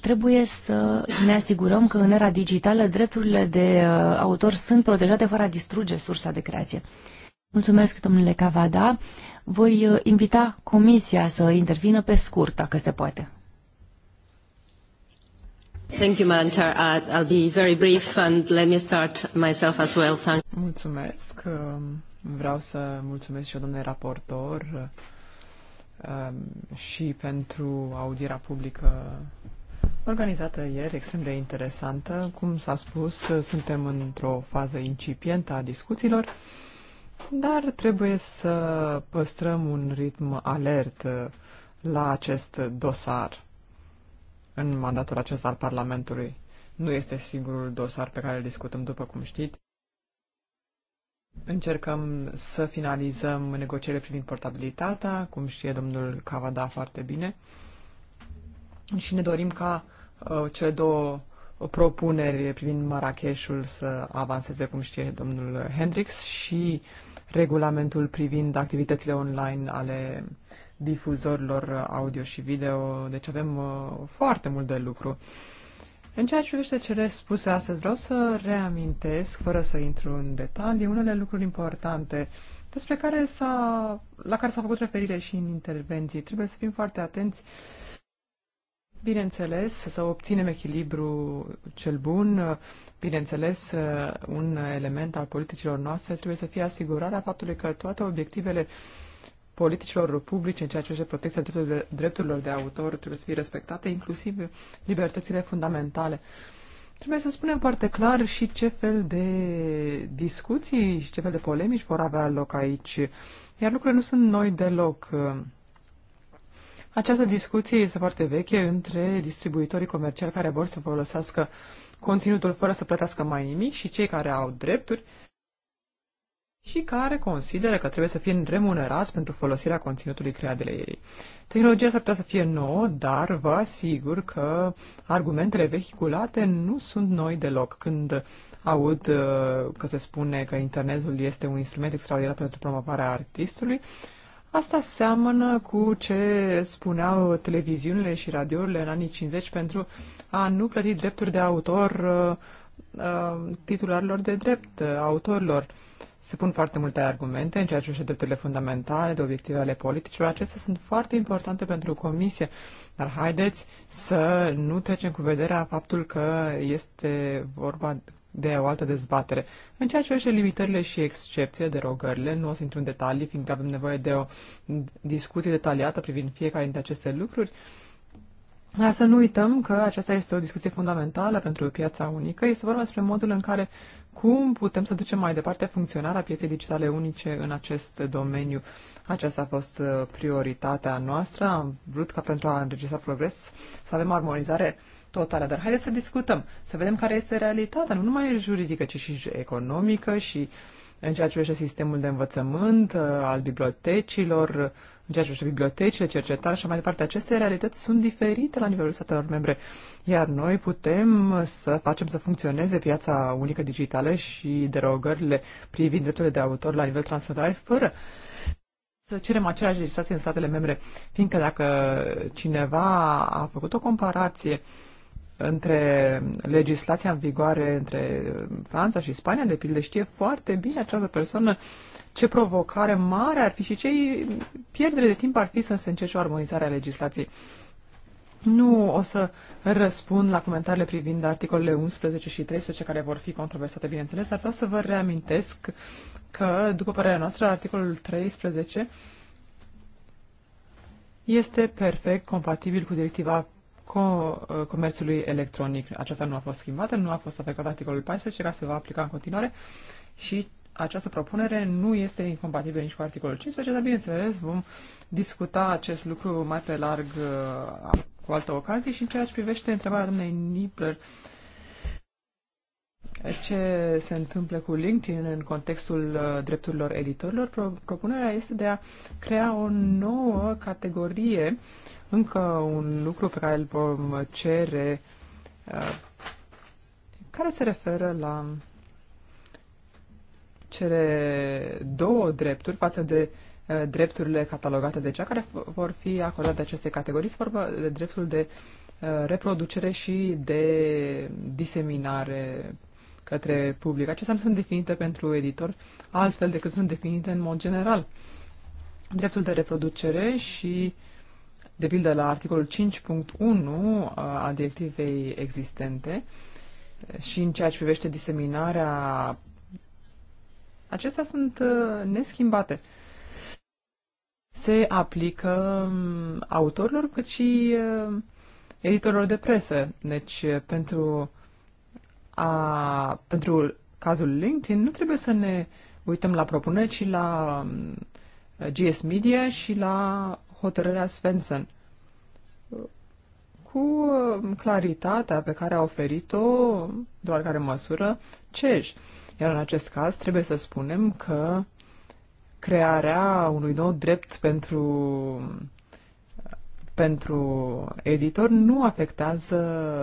trebuie să ne asigurăm că în era digitală drepturile de uh, autor sunt protejate fără a distruge sursa de creație. Mulțumesc, domnule Cavada. Voi uh, invita comisia să intervină pe scurt, dacă se poate. Thank you, Madam Chair. Uh, I'll be very brief and let me start myself as well. Thank mulțumesc. Um, vreau să mulțumesc și eu, domnule raportor, um, și pentru audiera publică organizată ieri, extrem de interesantă. Cum s-a spus, suntem într-o fază incipientă a discuțiilor, dar trebuie să păstrăm un ritm alert uh, la acest dosar în mandatul acesta al Parlamentului. Nu este singurul dosar pe care îl discutăm, după cum știți. Încercăm să finalizăm negocierile privind portabilitatea, cum știe domnul Cavada foarte bine și ne dorim ca uh, cele două propuneri privind Marrakeșul să avanseze, cum știe domnul Hendrix, și regulamentul privind activitățile online ale difuzorilor audio și video. Deci avem uh, foarte mult de lucru. În ceea ce privește cele spuse astăzi, vreau să reamintesc, fără să intru în detalii, unele lucruri importante despre care s-a, la care s-a făcut referire și în intervenții. Trebuie să fim foarte atenți Bineînțeles, să obținem echilibru cel bun, bineînțeles, un element al politicilor noastre trebuie să fie asigurarea faptului că toate obiectivele politicilor publice în ceea ce se protecția drepturilor de autor trebuie să fie respectate, inclusiv libertățile fundamentale. Trebuie să spunem foarte clar și ce fel de discuții și ce fel de polemici vor avea loc aici. Iar lucrurile nu sunt noi deloc. Această discuție este foarte veche între distribuitorii comerciali care vor să folosească conținutul fără să plătească mai nimic și cei care au drepturi și care consideră că trebuie să fie remunerați pentru folosirea conținutului creat de ei. Tehnologia s-ar putea să fie nouă, dar vă asigur că argumentele vehiculate nu sunt noi deloc. Când aud uh, că se spune că internetul este un instrument extraordinar pentru promovarea artistului, Asta seamănă cu ce spuneau televiziunile și radiourile în anii 50 pentru a nu plăti drepturi de autor uh, uh, titularilor de drept, uh, autorilor. Se pun foarte multe argumente în ceea ce privește drepturile fundamentale, de obiective ale politicilor. Acestea sunt foarte importante pentru Comisie, dar haideți să nu trecem cu vederea faptul că este vorba de o altă dezbatere. În ceea ce privește limitările și excepțiile, derogările, nu o să intru în detalii, fiindcă avem nevoie de o discuție detaliată privind fiecare dintre aceste lucruri, dar să nu uităm că aceasta este o discuție fundamentală pentru piața unică. Este vorba despre modul în care cum putem să ducem mai departe funcționarea pieței digitale unice în acest domeniu. Aceasta a fost uh, prioritatea noastră. Am vrut ca pentru a înregistra progres să avem armonizare totală. Dar haideți să discutăm, să vedem care este realitatea, nu numai juridică, ci și economică și în ceea ce privește sistemul de învățământ, uh, al bibliotecilor, în ceea ce privește bibliotecile, cercetare și mai departe. Aceste realități sunt diferite la nivelul statelor membre, iar noi putem să facem să funcționeze piața unică digitală și derogările privind drepturile de autor la nivel transfrontalier fără să cerem aceleași legislație în statele membre, fiindcă dacă cineva a făcut o comparație între legislația în vigoare între uh, Franța și Spania, de pildă, știe foarte bine această persoană ce provocare mare ar fi și ce pierdere de timp ar fi să se încerce o armonizare a legislației. Nu o să răspund la comentariile privind articolele 11 și 13 care vor fi controversate, bineînțeles, dar vreau să vă reamintesc că, după părerea noastră, articolul 13 este perfect compatibil cu directiva co- comerțului electronic. Aceasta nu a fost schimbată, nu a fost afectat articolul 14, ca se va aplica în continuare și această propunere nu este incompatibilă nici cu articolul 15, dar bineînțeles vom discuta acest lucru mai pe larg uh, cu altă ocazie și în ceea ce privește întrebarea domnului Nipler ce se întâmplă cu LinkedIn în contextul uh, drepturilor editorilor, propunerea este de a crea o nouă categorie încă un lucru pe care îl vom cere, uh, care se referă la cele două drepturi față de uh, drepturile catalogate de cea care vor fi acordate aceste categorii. Se vorba de dreptul de uh, reproducere și de diseminare către public. Acestea nu sunt definite pentru editor altfel decât sunt definite în mod general. Dreptul de reproducere și uh, de pildă la articolul 5.1 uh, a directivei existente și în ceea ce privește diseminarea, acestea sunt uh, neschimbate. Se aplică um, autorilor cât și uh, editorilor de presă. Deci, pentru, a, pentru cazul LinkedIn, nu trebuie să ne uităm la propuneri, ci la um, GS Media și la hotărârea Svensson. Cu uh, claritatea pe care a oferit-o, doar care măsură, CEJ. Iar în acest caz trebuie să spunem că crearea unui nou drept pentru pentru editor nu afectează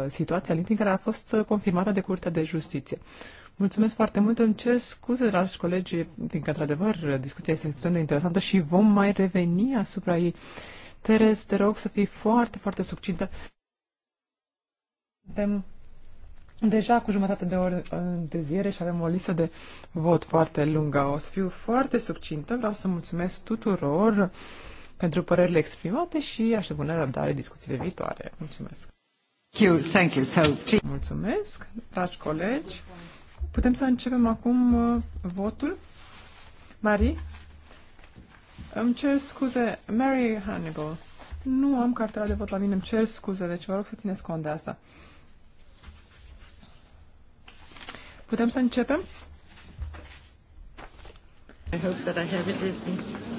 situația Lintin care a fost uh, confirmată de Curtea de Justiție. Mulțumesc foarte mult. Îmi cer scuze, dragi colegi, fiindcă, într-adevăr, discuția este extrem de interesantă și vom mai reveni asupra ei. Teres, te rog să fii foarte, foarte succintă. Suntem deja cu jumătate de oră deziere uh, și avem o listă de vot foarte lungă. O să fiu foarte succintă. Vreau să mulțumesc tuturor pentru părerile exprimate și aștept bună răbdare discuțiile viitoare. Mulțumesc! Thank thank you, you so Mulțumesc, dragi colegi. Putem să începem acum uh, votul? Marie? Îmi cer scuze, Mary Hannibal. Nu am cartela de vot la mine, îmi cer scuze, deci vă rog să țineți cont de asta. Putem să începem? I hope that I have it with me.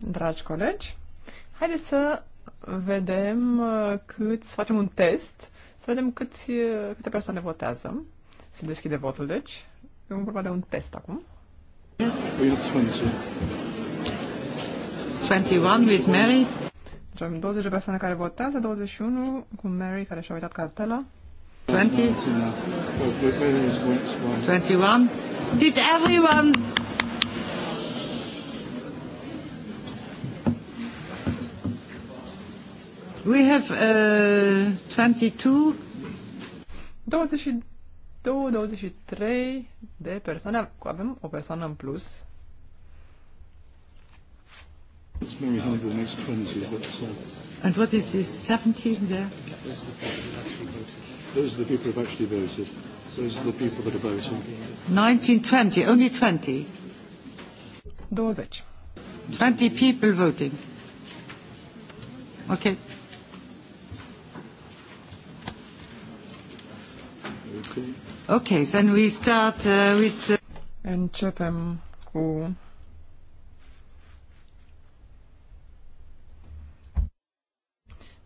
Dragi colegi, haideți să vedem uh, cât, să facem un test, să vedem câți, uh, câte persoane votează. Se deschide votul, deci. E vorba de un test acum. 21 with Mary. Deci avem 20 de persoane care votează, 21 cu Mary care și-a uitat cartela. 20. 21. Did everyone We have uh, 22 22-23 de persoane. Avem o persoană în plus. Uh, And what is this 17 there? Those are the people who have actually voted. Those are the people that are voting. 1920, only 20. 20. 20 people voting. Okay. Ok, then we start uh, with... Uh, Începem cu...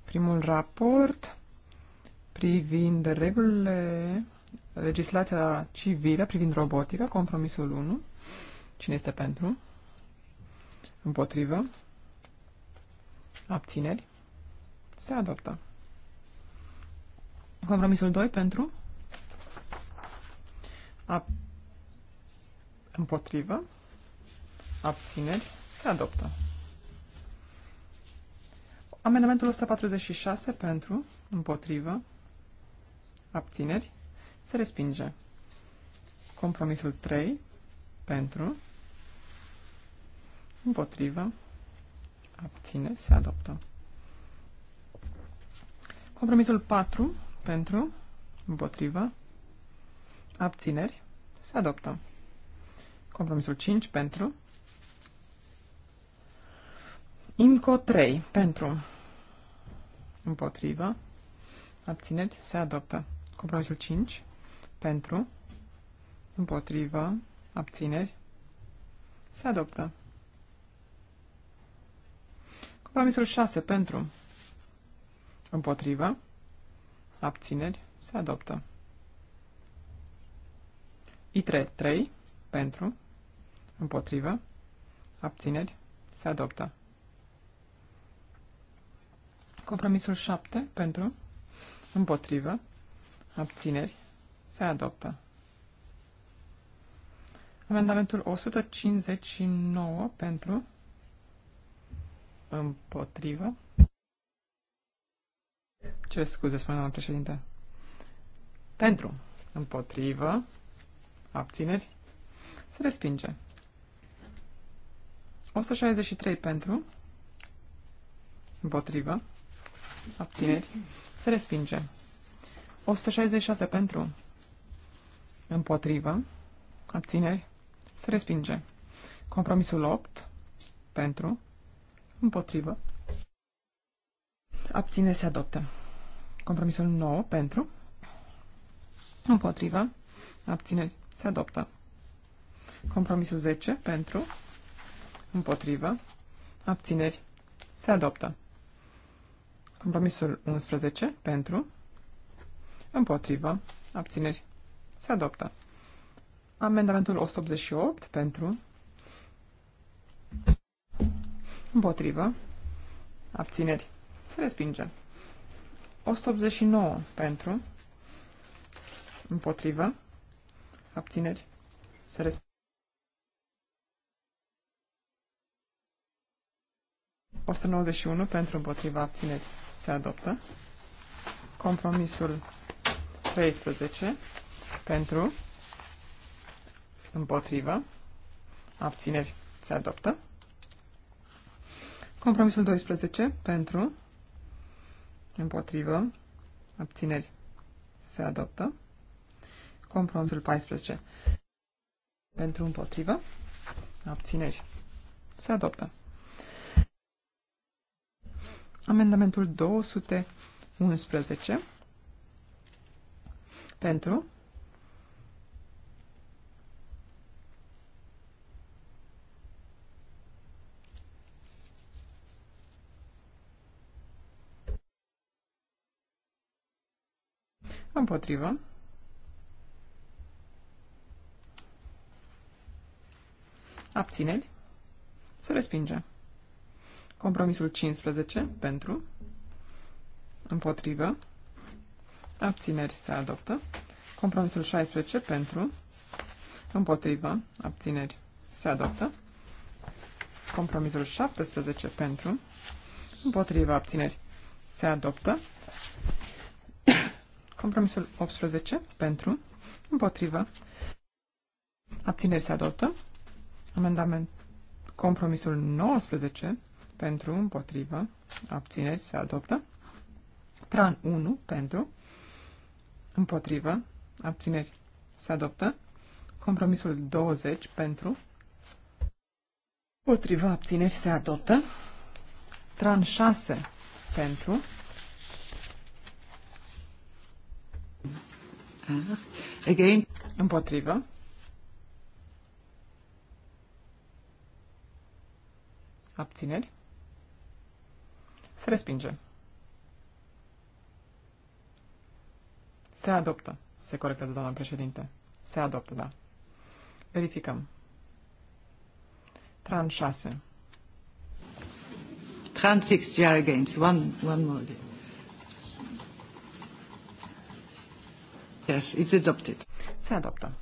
Primul raport privind regulile, legislația civilă privind robotica, compromisul 1. Cine este pentru? Împotrivă? Abțineri? Se adoptă. Compromisul 2 pentru? A, împotrivă. Abțineri. Se adoptă. Amendamentul 146 pentru, împotrivă, abțineri, se respinge. Compromisul 3 pentru, împotrivă, abțineri, se adoptă. Compromisul 4 pentru, împotrivă, Abțineri. Se adoptă. Compromisul 5 pentru. IMCO 3 pentru. Împotrivă. Abțineri. Se adoptă. Compromisul 5 pentru. Împotrivă. Abțineri. Se adoptă. Compromisul 6 pentru. Împotrivă. Abțineri. Se adoptă. I I3, 3 pentru, împotrivă, abțineri, se adoptă. Compromisul 7 pentru, împotrivă, abțineri, se adoptă. Amendamentul 159 pentru, împotrivă. Ce scuze, spune doamna președinte. Pentru, împotrivă, Abțineri. Se respinge. 163 pentru. Împotrivă. Abțineri. Se respinge. 166 pentru. Împotrivă. Abțineri. Se respinge. Compromisul 8. Pentru. Împotrivă. Abține se adoptă. Compromisul 9. Pentru. Împotrivă. Abțineri. Se adoptă. Compromisul 10 pentru, împotrivă, abțineri, se adoptă. Compromisul 11 pentru, împotrivă, abțineri, se adoptă. Amendamentul 188 pentru, împotrivă, abțineri, se respinge. 189 pentru, împotrivă, Abțineri. să respinge. Osta 91 pentru împotriva abțineri se adoptă. Compromisul 13 pentru împotriva abțineri se adoptă. Compromisul 12 pentru împotriva abțineri se adoptă. Compromisul 14. Pentru împotrivă. Abțineri. Se adoptă. Amendamentul 211. Pentru. Împotrivă. Abțineri. Se respinge. Compromisul 15 pentru. Împotrivă. Abțineri se adoptă. Compromisul 16 pentru. Împotrivă. Abțineri se adoptă. Compromisul 17 pentru. Împotrivă. Abțineri se adoptă. Compromisul 18 pentru. Împotrivă. Abțineri se adoptă. Amendament compromisul 19 pentru, împotrivă, abțineri, se adoptă. Tran 1 pentru, împotrivă, abțineri, se adoptă. Compromisul 20 pentru, împotrivă, abțineri, se adoptă. Tran 6 pentru. Again. Împotrivă, Abțineri? Se respinge. Se adoptă. Se corectează, doamna președinte. Se adoptă, da. Verificăm. Tran 6. Tran 6, you again. One, one more day. Yes, it's adopted. Se adoptă.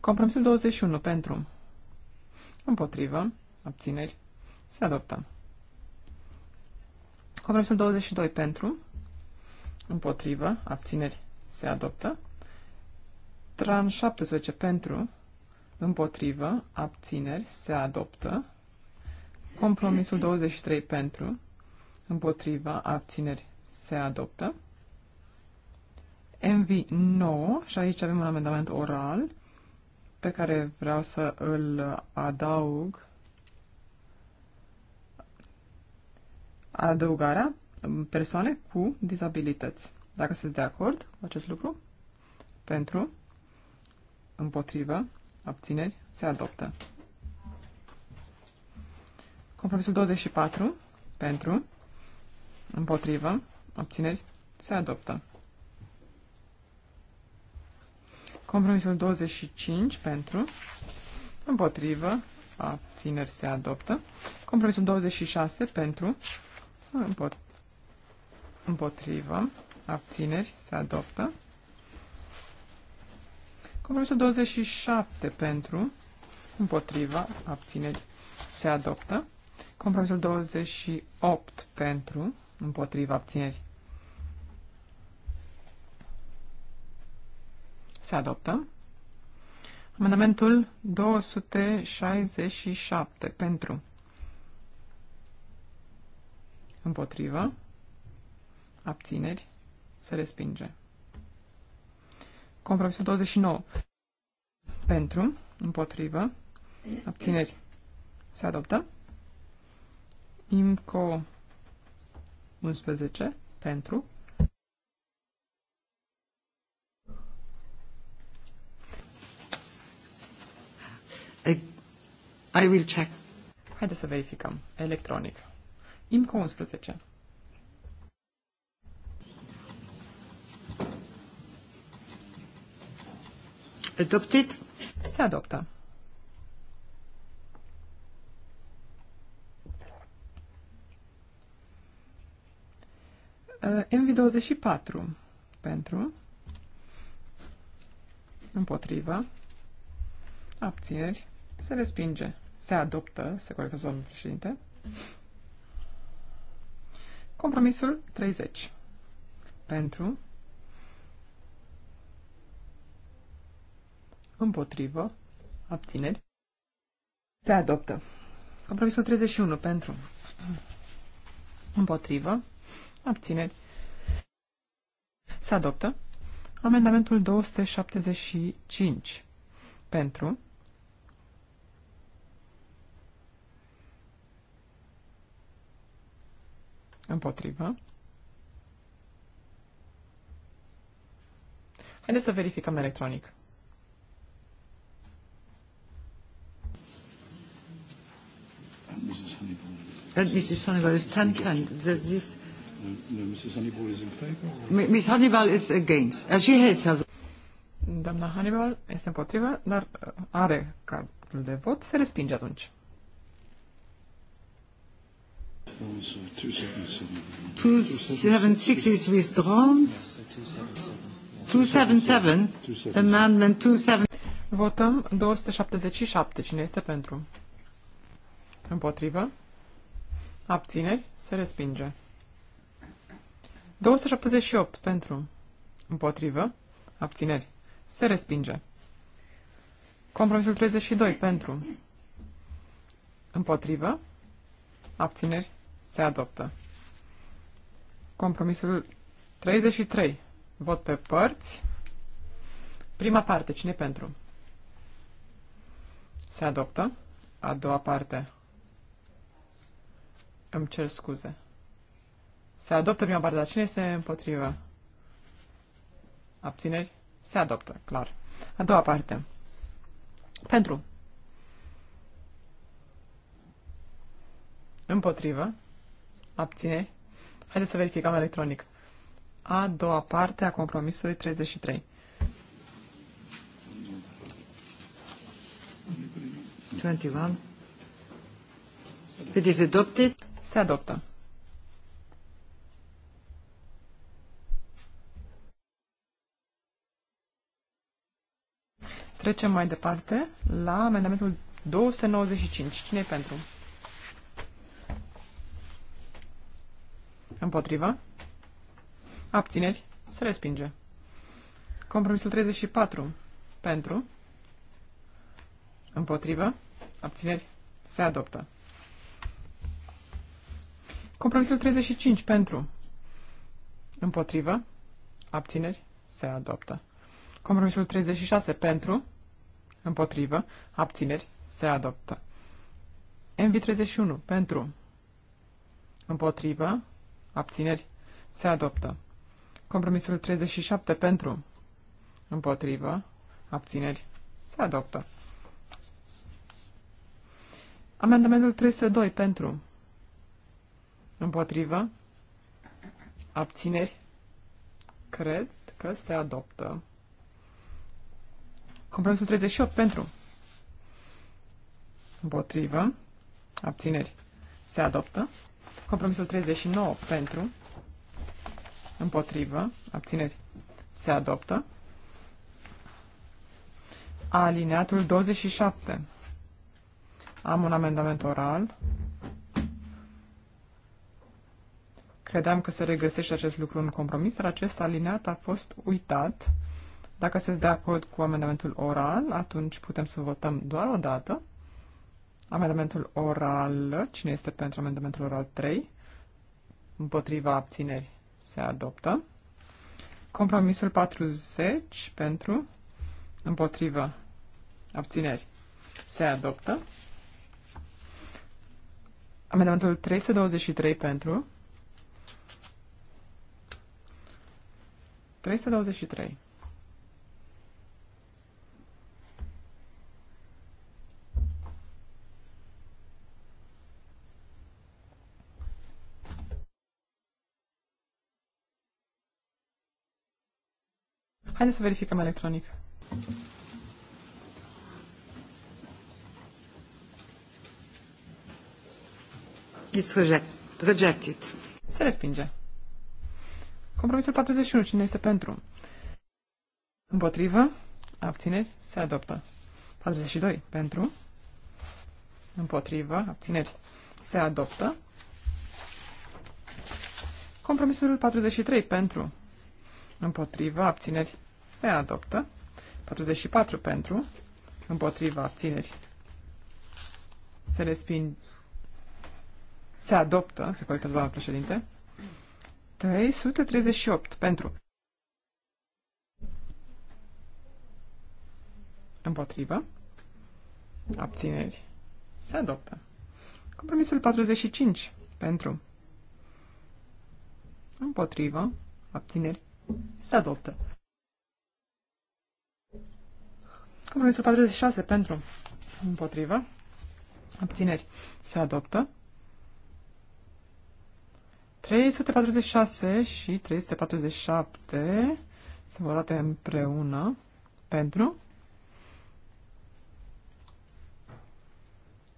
Compromisul 21 pentru Împotrivă. Abțineri. Se adoptă. Compromisul 22 pentru. Împotrivă. Abțineri. Se adoptă. Tran 17 pentru. Împotrivă. Abțineri. Se adoptă. Compromisul 23 pentru. Împotrivă. Abțineri. Se adoptă. MV9. Și aici avem un amendament oral pe care vreau să îl adaug, adăugarea persoane cu dizabilități. Dacă sunteți de acord cu acest lucru, pentru, împotrivă, abțineri, se adoptă. Compromisul 24, pentru, împotrivă, abțineri, se adoptă. Compromisul 25 pentru, împotrivă, abțineri se adoptă. Compromisul 26 pentru, împotrivă, abțineri se adoptă. Compromisul 27 pentru, împotriva, abțineri se adoptă. Compromisul 28 pentru, împotriva, abțineri Se adoptă. Amendamentul 267 pentru. Împotrivă. Abțineri. Se respinge. Compromisul 29. Pentru. Împotrivă. Abțineri. Se adoptă. IMCO 11. Pentru. I will check. Haideți să verificăm. Electronic. IMCO 11. Adopted. Se adoptă. Uh, MV24 pentru împotriva abțineri se respinge se adoptă, se corectează domnul președinte. Compromisul 30. Pentru. Împotrivă. Abțineri. Se adoptă. Compromisul 31. Pentru. Împotrivă. Abțineri. Se adoptă. Amendamentul 275. Pentru. Împotrivă. Haideți să verificăm electronic. Mrs. Hannibal is 10-10. Uh, this... No, Mrs. Hannibal is in favor? Miss Hannibal is against. Uh, she has her... Doamna Hannibal este împotrivă, dar uh, are cardul de vot. Se respinge atunci. 276 is withdrawn. 277. Amendment 27. Votăm 277. Cine este pentru? Împotrivă? Abțineri? Se respinge. 278 pentru. Împotrivă? Abțineri? Se respinge. Compromisul 32 pentru. Împotrivă? Abțineri? Se adoptă. Compromisul 33. Vot pe părți. Prima parte. Cine pentru? Se adoptă. A doua parte. Îmi cer scuze. Se adoptă prima parte, dar cine este împotrivă? Abțineri? Se adoptă, clar. A doua parte. Pentru. Împotrivă abține. Haideți să verificăm electronic. A doua parte a compromisului 33. Twenty-one. It is adopted. Se adoptă. Trecem mai departe la amendamentul 295. Cine e pentru? Împotrivă. Abțineri. Se respinge. Compromisul 34. Pentru. Împotrivă. Abțineri. Se adoptă. Compromisul 35. Pentru. Împotrivă. Abțineri. Se adoptă. Compromisul 36. Pentru. Împotrivă. Abțineri. Se adoptă. MV31. Pentru. Împotrivă abțineri, se adoptă. Compromisul 37 pentru, împotrivă, abțineri, se adoptă. Amendamentul 302 pentru, împotrivă, abțineri, cred că se adoptă. Compromisul 38 pentru, împotrivă, abțineri, se adoptă. Compromisul 39 pentru, împotrivă, abțineri, se adoptă. Alineatul 27. Am un amendament oral. Credeam că se regăsește acest lucru în compromis, dar acest alineat a fost uitat. Dacă se de acord cu amendamentul oral, atunci putem să votăm doar o dată. Amendamentul oral. Cine este pentru amendamentul oral 3? Împotriva abțineri se adoptă. Compromisul 40 pentru împotriva abțineri se adoptă. Amendamentul 323 pentru 323 Haideți să verificăm electronic. It's rejected. Se respinge. Compromisul 41. Cine este pentru? Împotrivă. Abțineri. Se adoptă. 42. Pentru. Împotrivă. Abțineri. Se adoptă. Compromisul 43. Pentru. Împotrivă. Abțineri se adoptă. 44 pentru, împotriva abțineri, se resping, se adoptă, se corectă doamna președinte. 338 pentru. împotriva Abțineri. Se adoptă. Compromisul 45 pentru. împotriva Abțineri. Se adoptă. Compromisul 46 pentru. Împotrivă. Abțineri. Se adoptă. 346 și 347 sunt votate împreună pentru.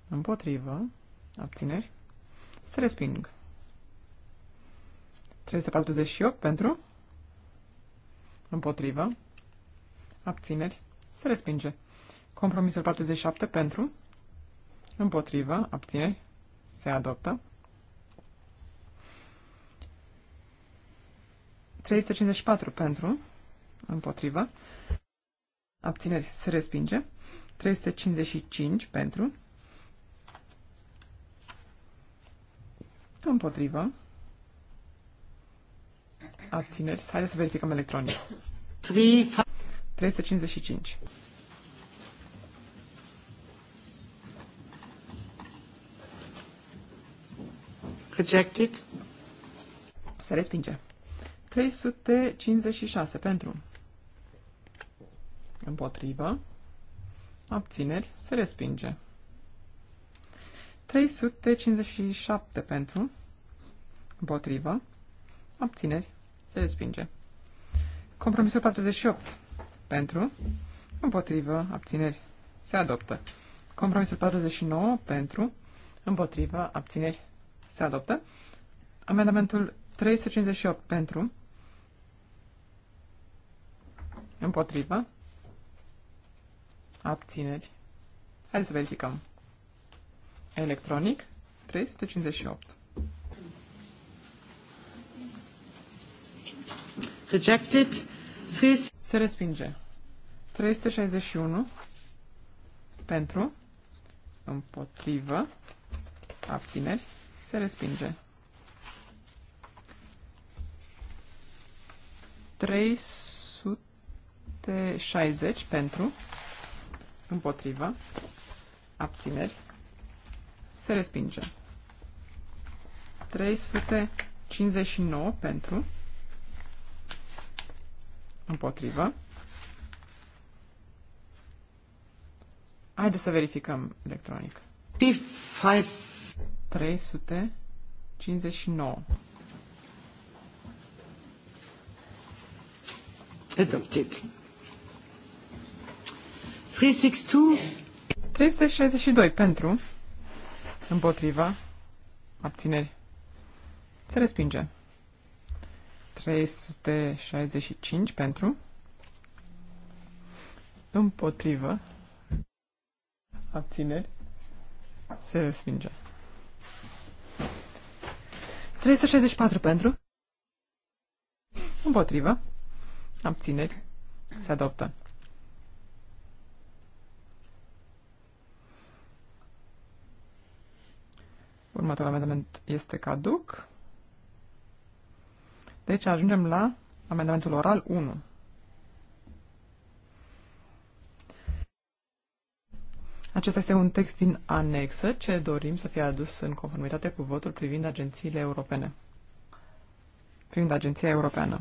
Împotrivă. Abțineri. Se resping. 348 pentru. Împotrivă. Abțineri. Se respinge. Compromisul 47 pentru. Împotrivă. Abțineri. Se adoptă. 354 pentru. Împotrivă. Abțineri. Se respinge. 355 pentru. Împotrivă. Abțineri. Haideți să verificăm electronic. 355. Rejected. Se respinge. 356 pentru. Împotrivă. Abțineri. Se respinge. 357 pentru. Împotrivă. Abțineri. Se respinge. Compromisul 48 pentru, împotrivă, abțineri, se adoptă. Compromisul 49 pentru, împotrivă, abțineri, se adoptă. Amendamentul 358 pentru, împotrivă, abțineri. Haideți să verificăm. Electronic 358. Rejected. Se respinge. 361 pentru, împotrivă, abțineri, se respinge. 360 pentru, împotrivă, abțineri, se respinge. 359 pentru, împotrivă, Haide să verificăm electronic. 359. Adopted. 362. 362 pentru, împotriva, abțineri. Se respinge. 365 pentru, împotrivă, abțineri, se respinge. 364 pentru, împotrivă, abțineri, se adoptă. Următorul amendament este caduc. Deci ajungem la amendamentul oral 1. Acesta este un text din anexă ce dorim să fie adus în conformitate cu votul privind agențiile europene. Privind agenția europeană.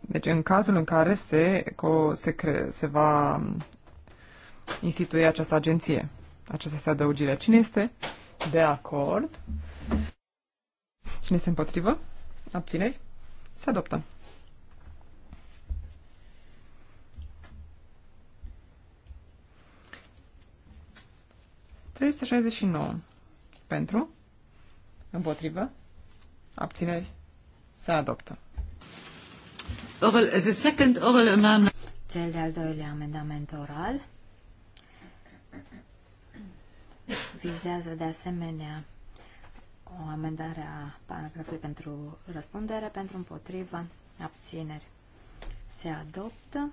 Deci în cazul în care se, co, se, cre, se va institui această agenție, aceasta este adăugire, Cine este de acord? Cine este împotrivă? Abțineri? Se adoptă. 369. Pentru? Împotrivă? Abțineri? Se adoptă. Oral, the second oral amendment. Cel de-al doilea amendament oral vizează de asemenea o amendare a paragrafului pentru răspundere, pentru împotrivă, abțineri. Se adoptă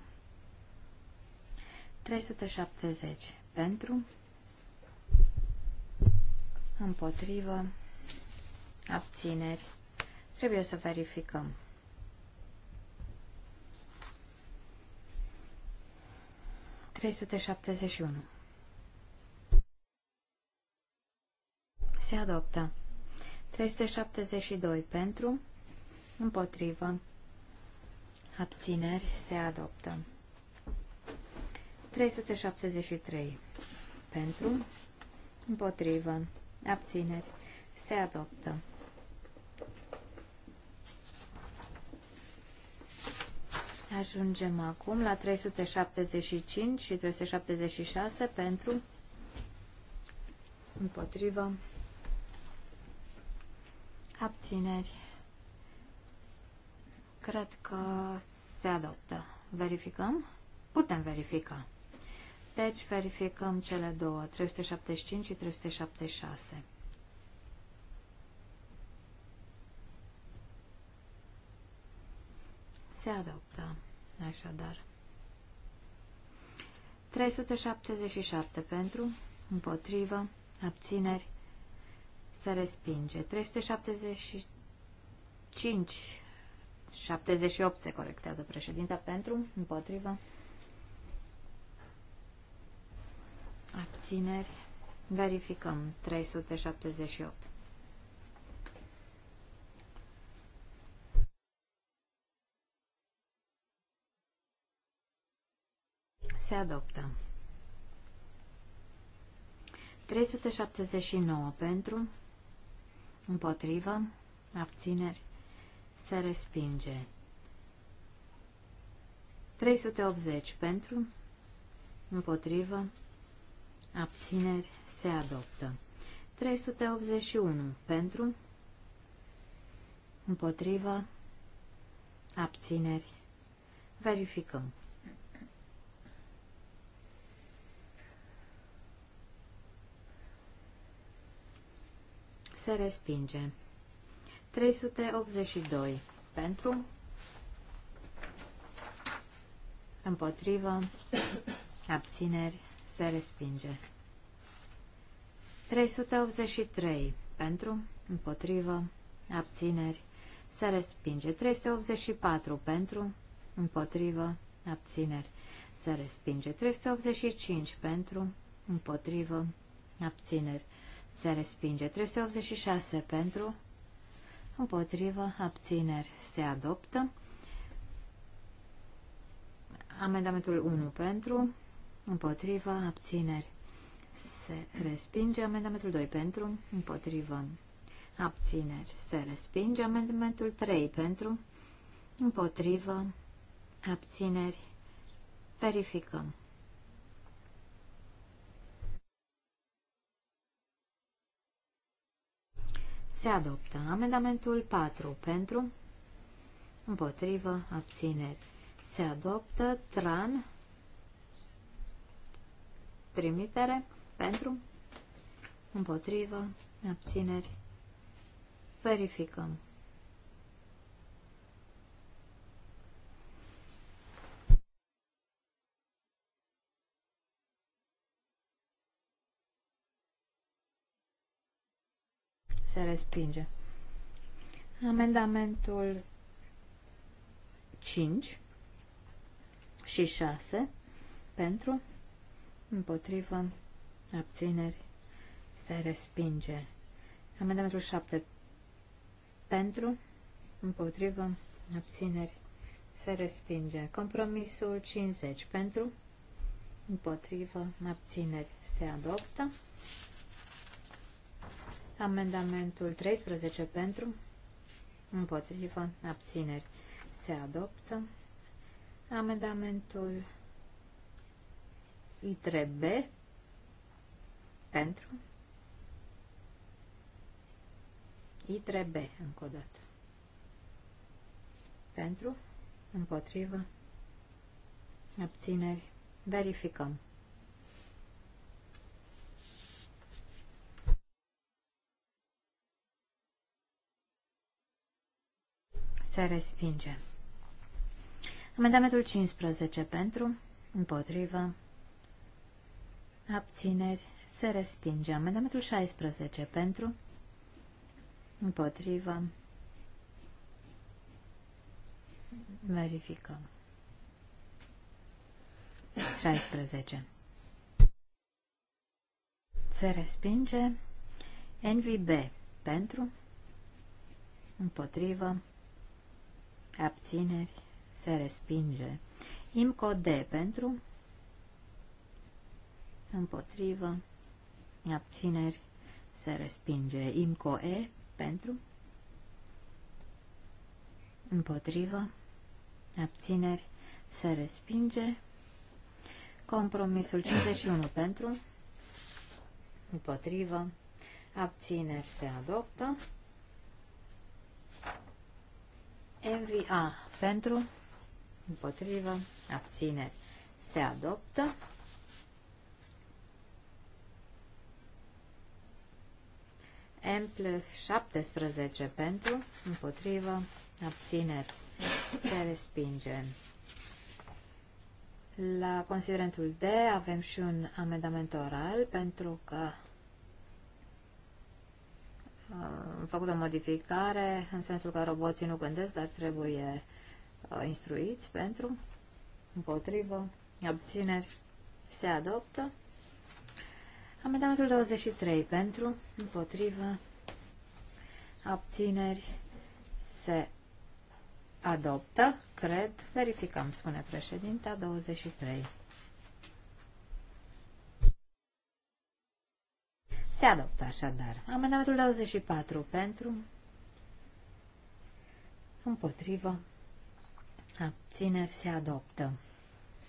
370 pentru, împotrivă, abțineri. Trebuie să verificăm. Trei unu. Se adoptă. 372 pentru, împotrivă, abțineri, se adoptă. 373 pentru, împotrivă, abțineri, se adoptă. Ajungem acum la 375 și 376 pentru împotrivă abțineri. Cred că se adoptă. Verificăm? Putem verifica. Deci verificăm cele două, 375 și 376. Se adoptă, așadar. 377 pentru, împotrivă, abțineri, se respinge. 375, 78 se corectează președinta pentru, împotrivă, Abțineri. Verificăm. 378. Se adoptă. 379 pentru, împotrivă, abțineri, se respinge. 380 pentru, împotrivă, abțineri, se adoptă. 381 pentru, împotrivă, abțineri, verificăm. Se respinge. 382 pentru, împotrivă, abțineri, se respinge. 383 pentru, împotrivă, abțineri, se respinge. 384 pentru, împotrivă, abțineri, se respinge. 385 pentru, împotrivă, abțineri, se respinge. 386 pentru, împotrivă, abțineri, se adoptă. Amendamentul 1 pentru, împotriva, abțineri. Se respinge amendamentul 2 pentru, împotriva, abțineri. Se respinge amendamentul 3 pentru, împotriva, abțineri. Verificăm. Se adoptă amendamentul 4 pentru, împotrivă, abțineri. Se adoptă TRAN trimitere pentru, împotrivă, abțineri. Verificăm. Se respinge. Amendamentul 5 și 6 pentru împotrivă, abțineri, se respinge. Amendamentul 7 pentru, împotrivă, abțineri, se respinge. Compromisul 50 pentru, împotrivă, abțineri, se adoptă. Amendamentul 13 pentru, împotrivă, abțineri, se adoptă. Amendamentul trebuie pentru trebuie încă o dată pentru împotrivă abțineri verificăm se respinge. Amendamentul 15 pentru, împotrivă, abțineri, se respinge. Amendamentul 16 pentru, împotrivă, verificăm. 16. Se respinge NVB pentru, împotrivă, abțineri, se respinge. IMCO D pentru, împotrivă, abțineri, se respinge. IMCO E, pentru, împotrivă, abțineri, se respinge. Compromisul 51 pentru, împotrivă, abțineri se adoptă. MVA pentru, împotrivă, abțineri se adoptă. Ample 17 pentru, împotrivă, abțineri, se respinge. La considerentul D avem și un amendament oral pentru că uh, am făcut o modificare în sensul că roboții nu gândesc, dar trebuie uh, instruiți pentru, împotrivă, abțineri, se adoptă. Amendamentul 23 pentru, împotrivă, abțineri, se adoptă, cred, verificăm, spune președinta, 23. Se adoptă așadar. Amendamentul 24 pentru, împotrivă, abțineri, se adoptă.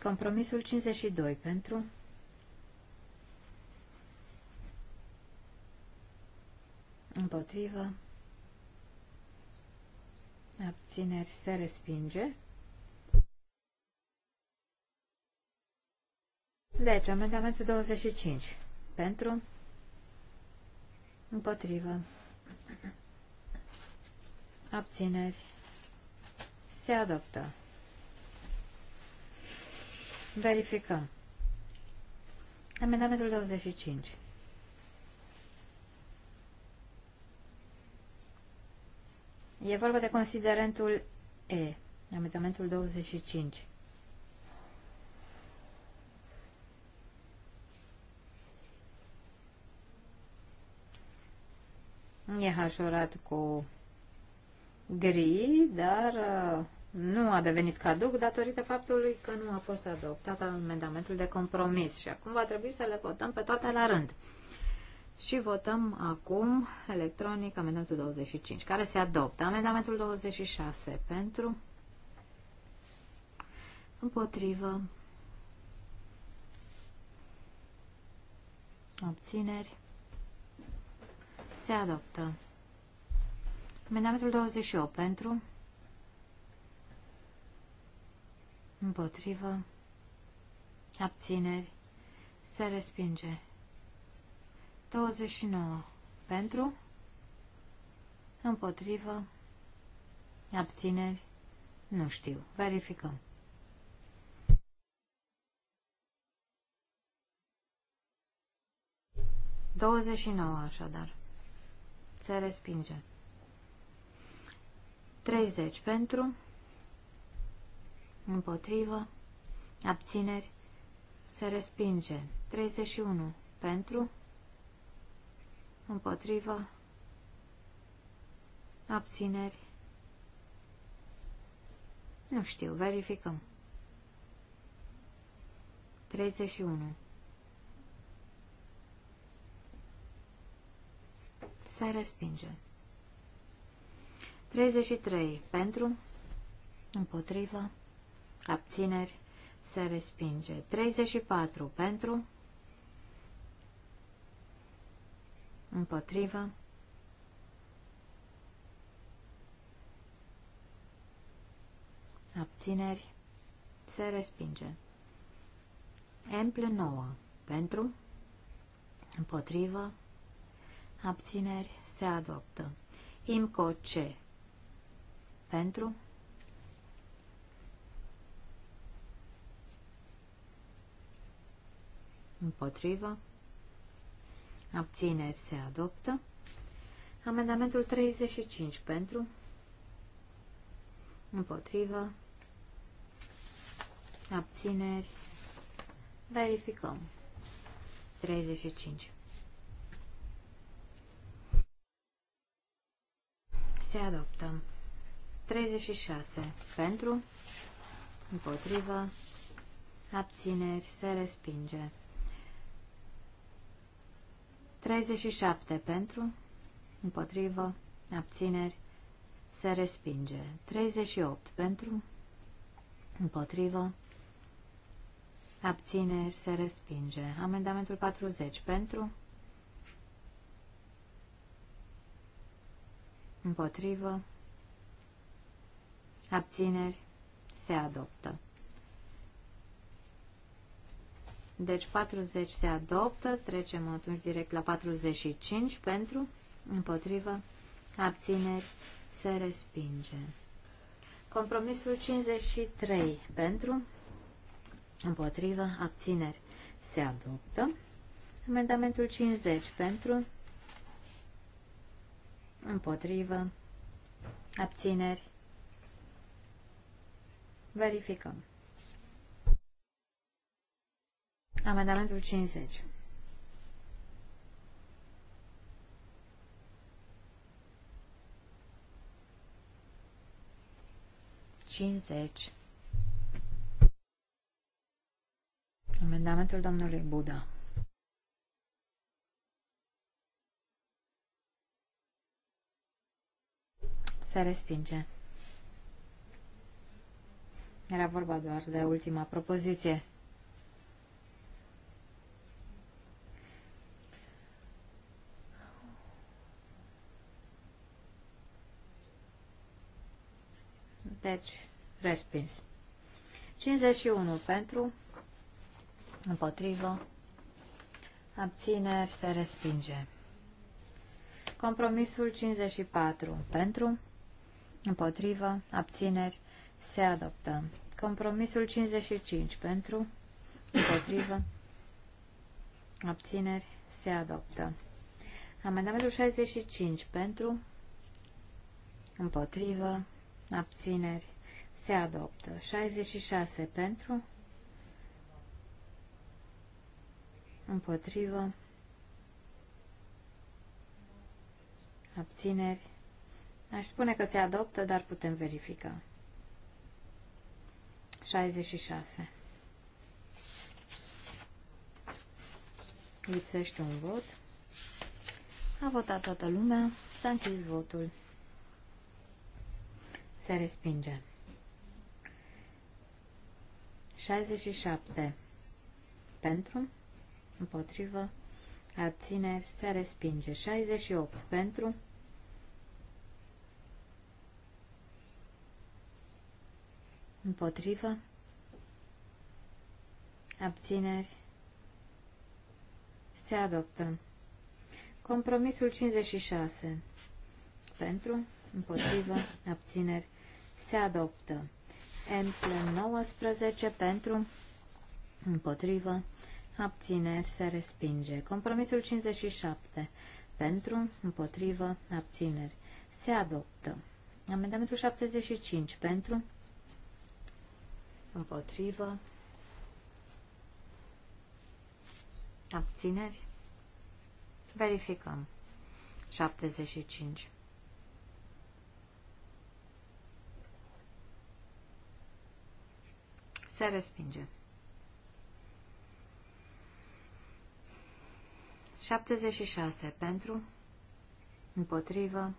Compromisul 52 pentru, împotrivă, abțineri se respinge. Deci, amendamentul 25. Pentru, împotrivă, abțineri, se adoptă. Verificăm. Amendamentul 25. E vorba de considerentul E, amendamentul 25. E hașorat cu gri, dar uh, nu a devenit caduc datorită faptului că nu a fost adoptat amendamentul de compromis și acum va trebui să le votăm pe toate la rând. Și votăm acum electronic amendamentul 25, care se adoptă. Amendamentul 26 pentru, împotrivă, abțineri, se adoptă. Amendamentul 28 pentru, împotrivă, abțineri, se respinge. 29. Pentru, împotrivă, abțineri, nu știu. Verificăm. Douăzeci așadar. Se respinge. 30 pentru, împotrivă, abțineri, se respinge. 31 pentru, împotrivă, abțineri. Nu știu, verificăm. 31. Se respinge. 33. Pentru, împotrivă, abțineri, se respinge. 34. Pentru, Împotrivă. Abțineri. Se respinge. Emple 9. Pentru. Împotrivă. Abțineri. Se adoptă. Imco C. Pentru. Împotrivă. Abțineri se adoptă. Amendamentul 35 pentru. Împotrivă. Abțineri. Verificăm. 35. Se adoptă. 36. Pentru. Împotrivă. Abțineri. Se respinge. 37 pentru, împotrivă, abțineri, se respinge. 38 pentru, împotrivă, abțineri, se respinge. Amendamentul 40 pentru, împotrivă, abțineri, se adoptă. Deci 40 se adoptă, trecem atunci direct la 45 pentru, împotrivă, abțineri, se respinge. Compromisul 53 pentru, împotrivă, abțineri, se adoptă. Amendamentul 50 pentru, împotrivă, abțineri, verificăm. Amendamentul 50. Amendamentul domnului Buda. Se respinge. Era vorba doar de ultima propoziție. deci respins. 51 pentru, împotrivă, abțineri, se respinge. Compromisul 54 pentru, împotrivă, abțineri, se adoptă. Compromisul 55 pentru, împotrivă, abțineri, se adoptă. Amendamentul 65 pentru, împotrivă, abțineri, se adoptă. 66 pentru, împotrivă, abțineri. Aș spune că se adoptă, dar putem verifica. 66. Lipsește un vot. A votat toată lumea. S-a închis votul. Se respinge. 67. Pentru, împotrivă, abțineri, se respinge. 68. Pentru, împotrivă, abțineri, se adoptă. Compromisul 56. Pentru, împotrivă, abțineri, se adoptă. Emple 19 pentru, împotrivă, abțineri, se respinge. Compromisul 57 pentru, împotrivă, abțineri, se adoptă. Amendamentul 75 pentru, împotrivă, abțineri, verificăm. 75. Se respinge. 76. Pentru, împotrivă,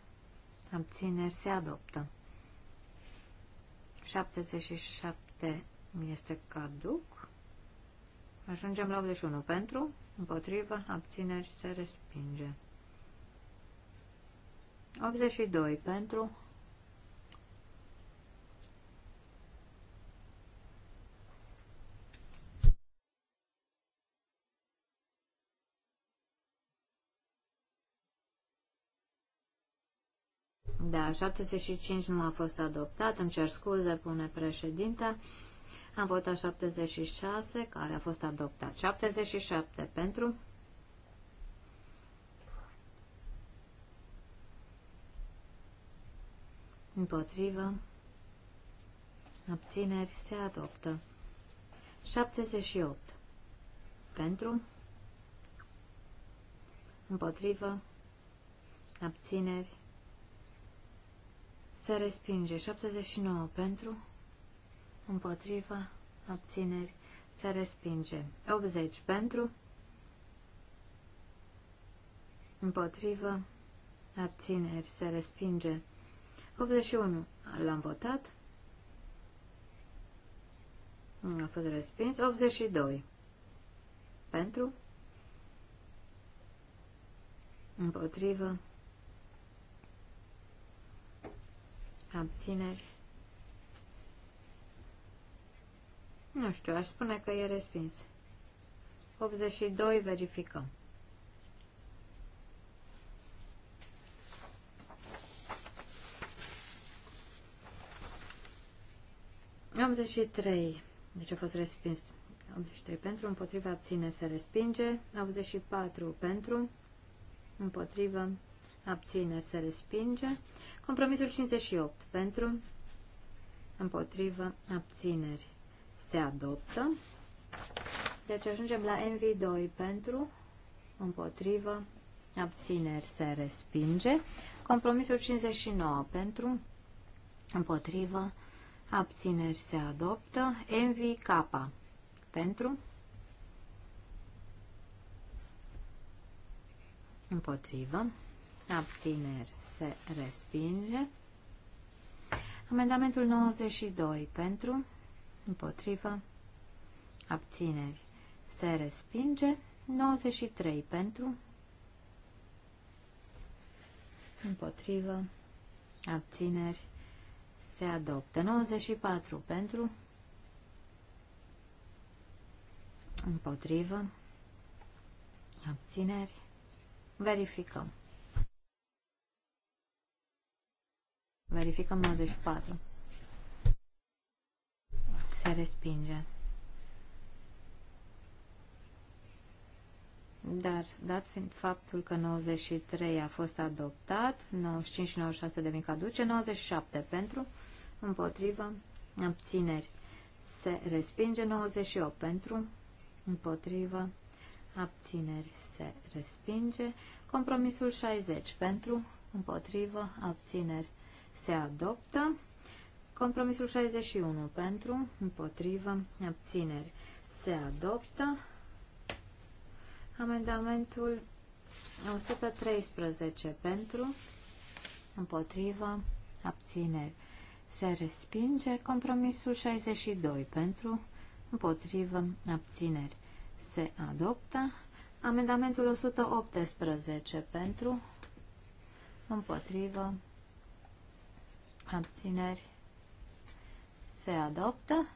abțineri, se adoptă. 77 este caduc. Ajungem la 81. Pentru, împotrivă, abțineri, se respinge. 82. Pentru, 75 nu a fost adoptat, îmi cer scuze, pune președinte. Am votat 76, care a fost adoptat. 77 pentru. Împotrivă. Abțineri se adoptă. 78. Pentru. Împotrivă. Abțineri se respinge. 79 pentru. împotriva, Abțineri. Se respinge. 80 pentru. împotriva, Abțineri. Se respinge. 81. L-am votat. A fost respins. 82. Pentru. Împotrivă. abțineri. Nu știu, aș spune că e respins. 82 verificăm. și 83, Deci a fost respins. 83 pentru, împotriva abține se respinge. 84 pentru, împotrivă abțineri se respinge. Compromisul 58 pentru, împotrivă, abțineri se adoptă. Deci ajungem la NV2 pentru, împotrivă, abțineri se respinge. Compromisul 59 pentru, împotrivă, abțineri se adoptă. K. pentru, împotrivă, abțineri se respinge. Amendamentul 92 pentru, împotrivă, abțineri se respinge. 93 pentru, împotrivă, abțineri se adoptă. 94 pentru, împotrivă, abțineri, verificăm. Verificăm 94. Se respinge. Dar, dat fiind faptul că 93 a fost adoptat, 95 și 96 devin caduce, 97 pentru, împotrivă, abțineri. Se respinge 98 pentru, împotrivă, abțineri. Se respinge. Compromisul 60 pentru, împotrivă, abțineri se adoptă. Compromisul 61 pentru, împotrivă, abțineri se adoptă. Amendamentul 113 pentru, împotrivă, abțineri se respinge. Compromisul 62 pentru, împotrivă, abțineri se adoptă. Amendamentul 118 pentru, împotrivă, abțineri, se adoptă.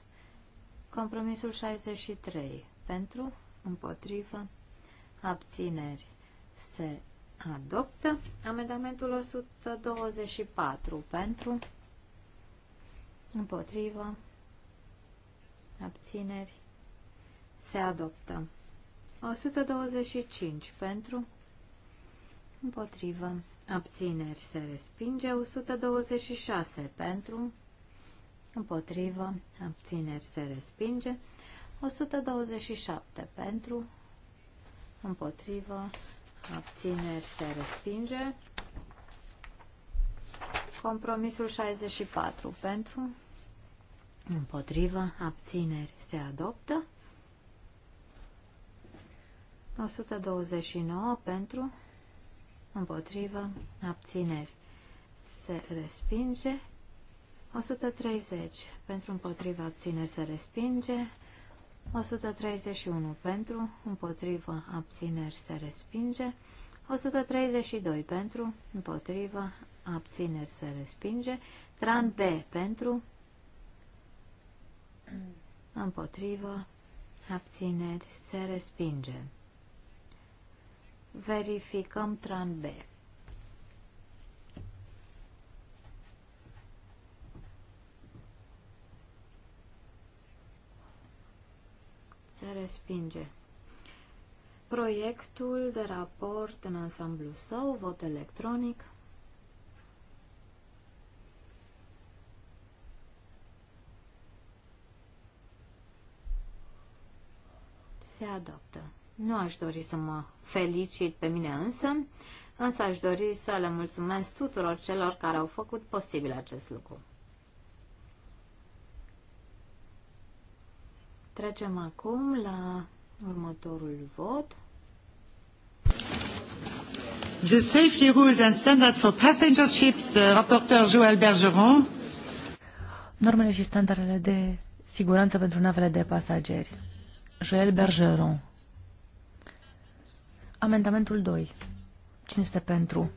Compromisul 63 pentru, împotrivă, abțineri, se adoptă. Amendamentul 124 pentru, împotrivă, abțineri, se adoptă. 125 pentru, împotrivă, abțineri se respinge, 126 pentru, împotrivă, abțineri se respinge, 127 pentru, împotrivă, abțineri se respinge, compromisul 64 pentru, împotrivă, abțineri se adoptă, 129 pentru, împotrivă, abțineri se respinge. 130 pentru împotrivă, abțineri se respinge. 131 pentru împotrivă, abțineri se respinge. 132 pentru împotrivă, abțineri se respinge. Tran B pentru împotrivă, abțineri se respinge. Verificăm tran B. Se respinge. Proiectul de raport în ansamblu său, vot electronic. se adoptă. Nu aș dori să mă felicit pe mine însă, însă aș dori să le mulțumesc tuturor celor care au făcut posibil acest lucru. Trecem acum la următorul vot. The Safety Rules and Standards for Passenger Ships, uh, reporter Joël Bergeron. Normele și standardele de siguranță pentru navele de pasageri. Joël Bergeron. Amendamentul 2. Cine este pentru?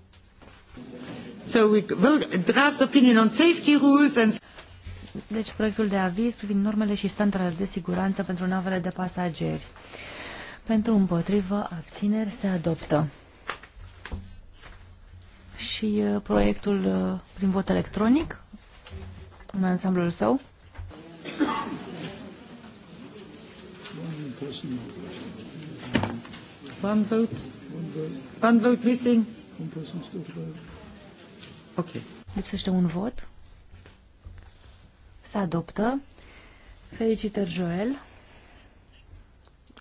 So we will draft opinion on safety rules and... Deci proiectul de aviz privind normele și standardele de siguranță pentru navele de pasageri. Pentru împotrivă, abțineri se adoptă. Și uh, proiectul uh, prin vot electronic, în ansamblul său. One vote? One vote. One vote missing? Ok. Lipsește un vot. Se adoptă. Felicitări, Joel.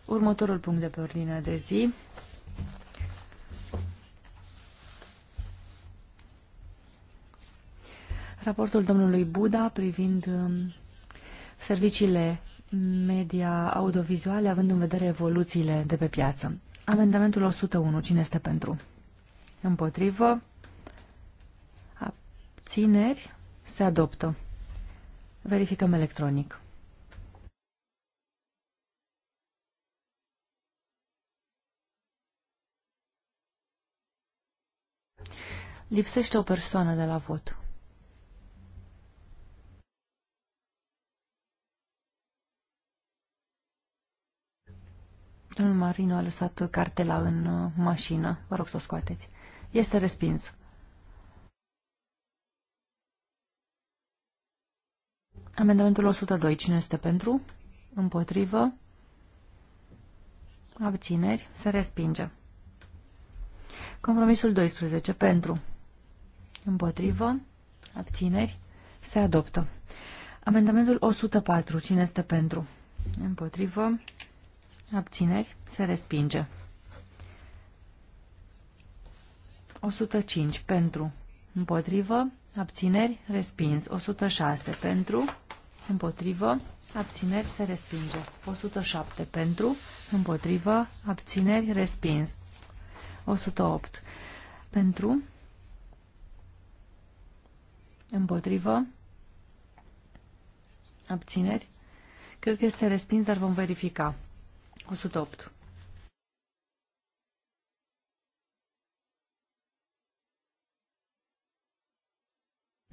Următorul punct de pe ordinea de zi. Raportul domnului Buda privind um, serviciile media audiovizuale, având în vedere evoluțiile de pe piață. Amendamentul 101. Cine este pentru? Împotrivă. Abțineri. Se adoptă. Verificăm electronic. Lipsește o persoană de la vot. Domnul Marino a lăsat cartela în uh, mașină. Vă rog să o scoateți. Este respins. Amendamentul 102. Cine este pentru? Împotrivă? Abțineri? Se respinge. Compromisul 12. Pentru? Împotrivă? Abțineri? Se adoptă. Amendamentul 104. Cine este pentru? Împotrivă? abțineri, se respinge. 105 pentru, împotrivă, abțineri, respins. 106 pentru, împotrivă, abțineri, se respinge. 107 pentru, împotrivă, abțineri, respins. 108 pentru, împotrivă, abțineri, cred că este respins, dar vom verifica. 108.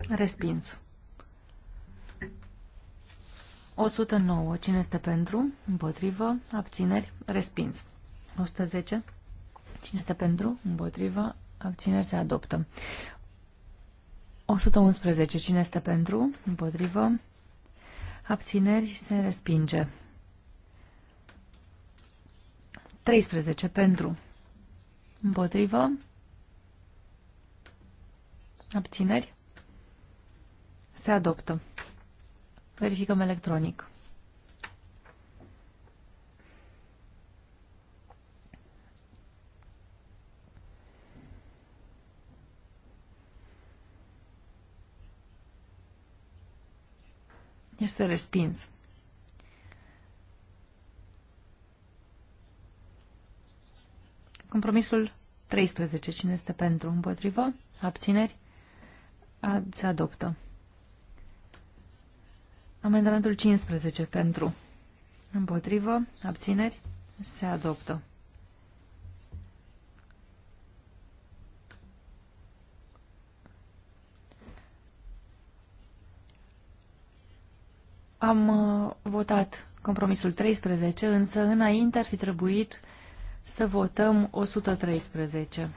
Respins. 109. Cine este pentru? Împotrivă. Abțineri. Respins. 110. Cine este pentru? Împotrivă. Abțineri se adoptă. 111. Cine este pentru? Împotrivă. Abțineri se respinge. 13 pentru. Împotrivă. Abțineri. Se adoptă. Verificăm electronic. Este respins. Compromisul 13. Cine este pentru? Împotrivă? Abțineri? A, se adoptă. Amendamentul 15. Pentru? Împotrivă? Abțineri? Se adoptă. Am uh, votat compromisul 13, însă înainte ar fi trebuit să votăm 113.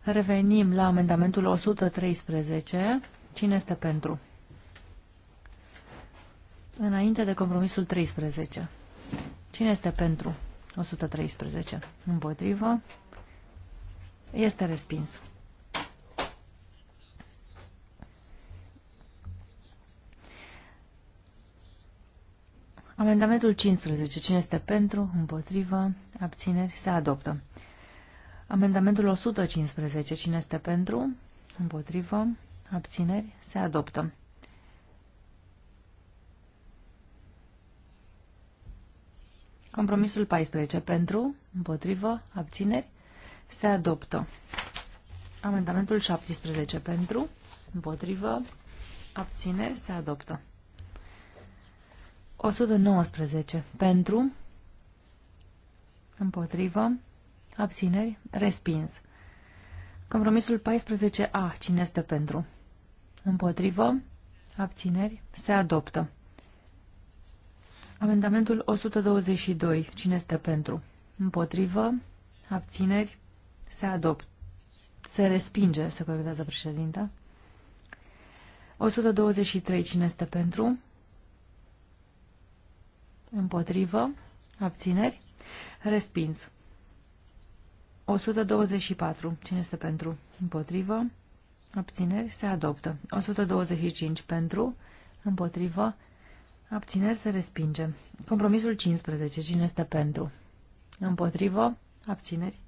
Revenim la amendamentul 113. Cine este pentru? Înainte de compromisul 13. Cine este pentru? 113. Împotrivă. Este respins. Amendamentul 15. Cine este pentru? Împotrivă? Abțineri? Se adoptă. Amendamentul 115. Cine este pentru? Împotrivă? Abțineri? Se adoptă. Compromisul 14. Pentru? Împotrivă? Abțineri? Se adoptă. Amendamentul 17. Pentru? Împotrivă? Abțineri? Se adoptă. 119. Pentru, împotrivă, abțineri, respins. Compromisul 14A. Cine este pentru? Împotrivă, abțineri, se adoptă. Amendamentul 122. Cine este pentru? Împotrivă, abțineri, se adoptă. Se respinge, se corectează președinta. 123. Cine este pentru? Împotrivă. Abțineri. Respins. 124. Cine este pentru? Împotrivă. Abțineri. Se adoptă. 125. Pentru. Împotrivă. Abțineri. Se respinge. Compromisul 15. Cine este pentru? Împotrivă. Abțineri.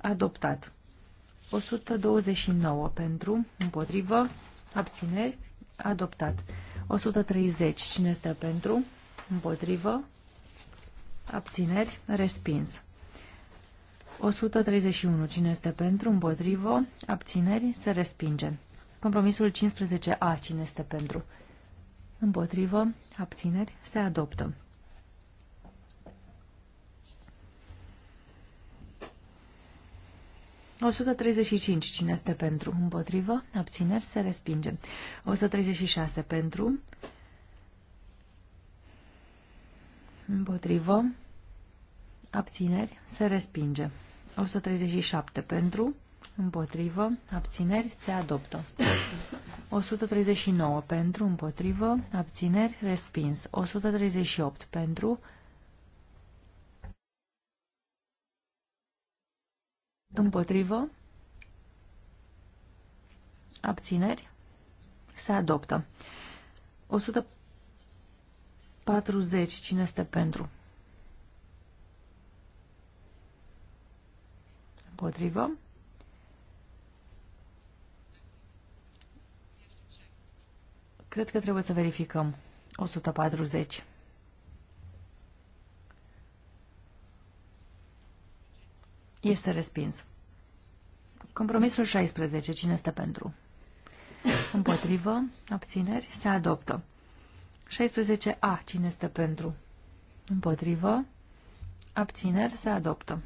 Adoptat. 129. Pentru. Împotrivă. Abțineri. Adoptat. 130. Cine este pentru? Împotrivă. Abțineri. Respins. 131. Cine este pentru? Împotrivă. Abțineri. Se respinge. Compromisul 15A. Cine este pentru? Împotrivă. Abțineri. Se adoptă. O 135. Cine este pentru? Împotrivă. Abțineri. Se respinge. 136. Pentru. Împotrivă. Abțineri. Se respinge. 137 pentru. Împotrivă. Abțineri. Se adoptă. 139 pentru. Împotrivă. Abțineri. Respins. 138 pentru. Împotrivă. Abțineri. Se adoptă. 100 40. Cine este pentru? Împotrivă. Cred că trebuie să verificăm. 140. Este respins. Compromisul 16. Cine este pentru? Împotrivă, abțineri, se adoptă. 16A. Cine este pentru? Împotrivă. Abțineri. Se adoptă.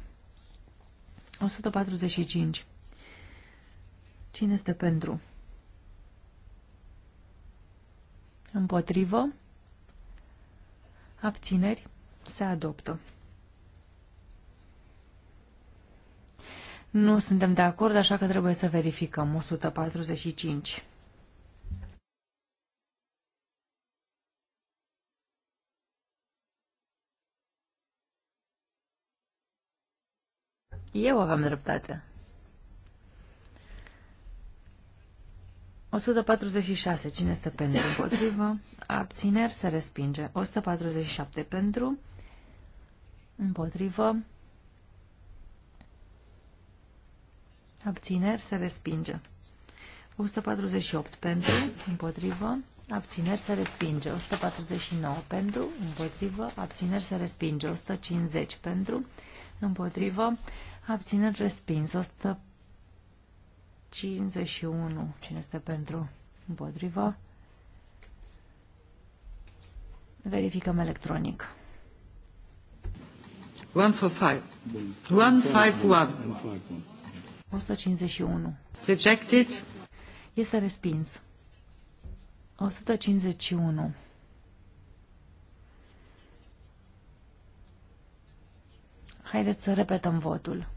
145. Cine este pentru? Împotrivă. Abțineri. Se adoptă. Nu suntem de acord, așa că trebuie să verificăm. 145. Eu aveam dreptate. 146. Cine este pentru? Împotrivă. Abțineri se respinge. 147 pentru. Împotrivă. Abțineri se respinge. 148 pentru. Împotrivă. Abțineri se respinge. 149 pentru. Împotrivă. Abțineri se respinge. 150 pentru. Împotrivă. Abțineri respins. 151. Cine este pentru? Împotriva. Verificăm electronic. 151. 151. 151. Rejected. Este respins. 151. Haideți să repetăm votul.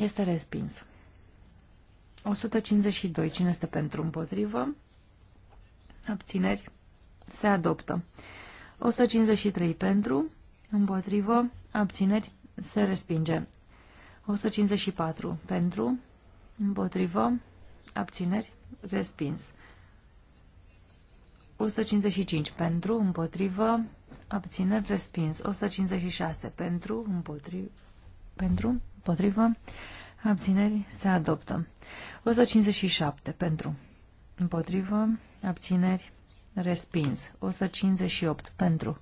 Este respins. 152. Cine este pentru împotrivă? Abțineri. Se adoptă. 153 pentru, împotrivă, abțineri, se respinge. 154 pentru, împotrivă, abțineri, respins. 155 pentru, împotrivă, abțineri, respins. 156 pentru, împotrivă, pentru, împotrivă, abțineri, se adoptă. 157 pentru, împotrivă, abțineri, respins. 158 pentru,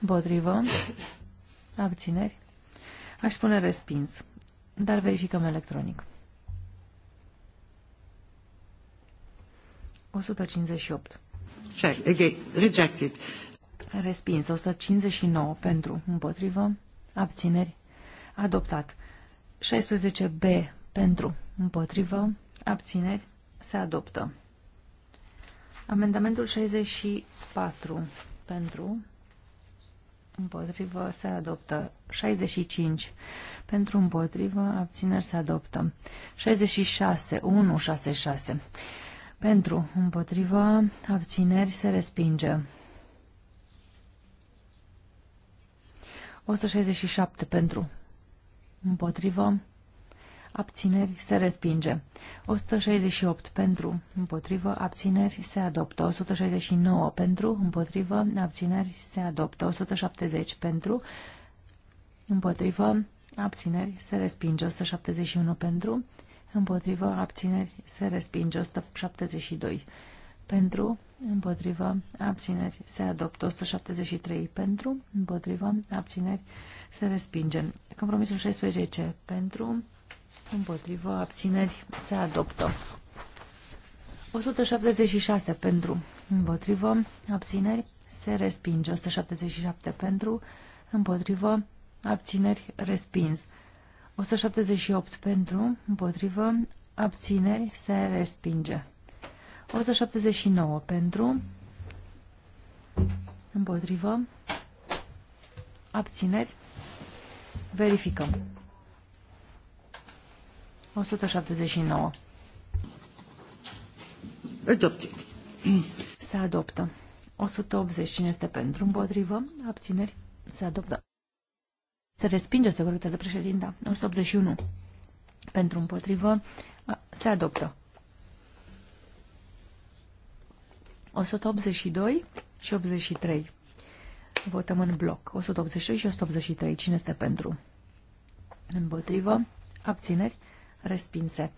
împotrivă, abțineri, aș spune respins, dar verificăm electronic. 158. Check, again, rejected. Respins. 159 pentru. Împotrivă. Abțineri. Adoptat. 16B pentru. Împotrivă. Abțineri. Se adoptă. Amendamentul 64 pentru. Împotrivă se adoptă. 65. Pentru împotrivă, abțineri se adoptă. 66. 166. Pentru împotrivă, abțineri se respinge. 167 pentru. Împotrivă. Abțineri se respinge. 168 pentru. Împotrivă. Abțineri se adoptă. 169 pentru. Împotrivă. Abțineri se adoptă. 170 pentru. Împotrivă. Abțineri se respinge. 171 pentru. Împotrivă. Abțineri se respinge. 172 pentru, împotrivă, abțineri, se adoptă 173 pentru, împotrivă, abțineri, se respinge. Compromisul 16 pentru, împotrivă, abțineri, se adoptă. 176 pentru, împotrivă, abțineri, se respinge. 177 pentru, împotrivă, abțineri, respins. 178 pentru, împotrivă, abțineri, se respinge. 179 pentru, împotrivă, abțineri, verificăm. 179. Adopted. Se adoptă. 180. Cine este pentru? Împotrivă? Abțineri? Se adoptă. Se respinge, se corectează președinta. 181. Pentru împotrivă? Se adoptă. 182 și 83. Votăm în bloc. 182 și 183. Cine este pentru? Împotrivă. Abțineri. Respinse.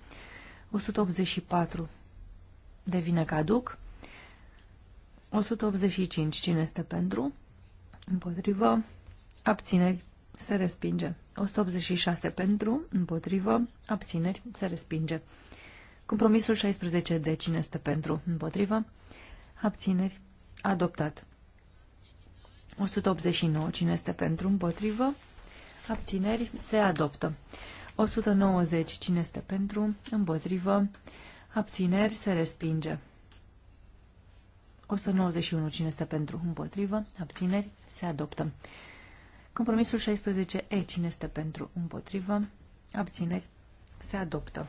184. Devine caduc. 185. Cine este pentru? Împotrivă. Abțineri. Se respinge. 186 pentru, împotrivă, abțineri, se respinge. Compromisul 16 de cine este pentru, împotrivă, Abțineri. Adoptat. 189. Cine este pentru? Împotrivă. Abțineri. Se adoptă. 190. Cine este pentru? Împotrivă. Abțineri. Se respinge. 191. Cine este pentru? Împotrivă. Abțineri. Se adoptă. Compromisul 16E. Cine este pentru? Împotrivă. Abțineri. Se adoptă.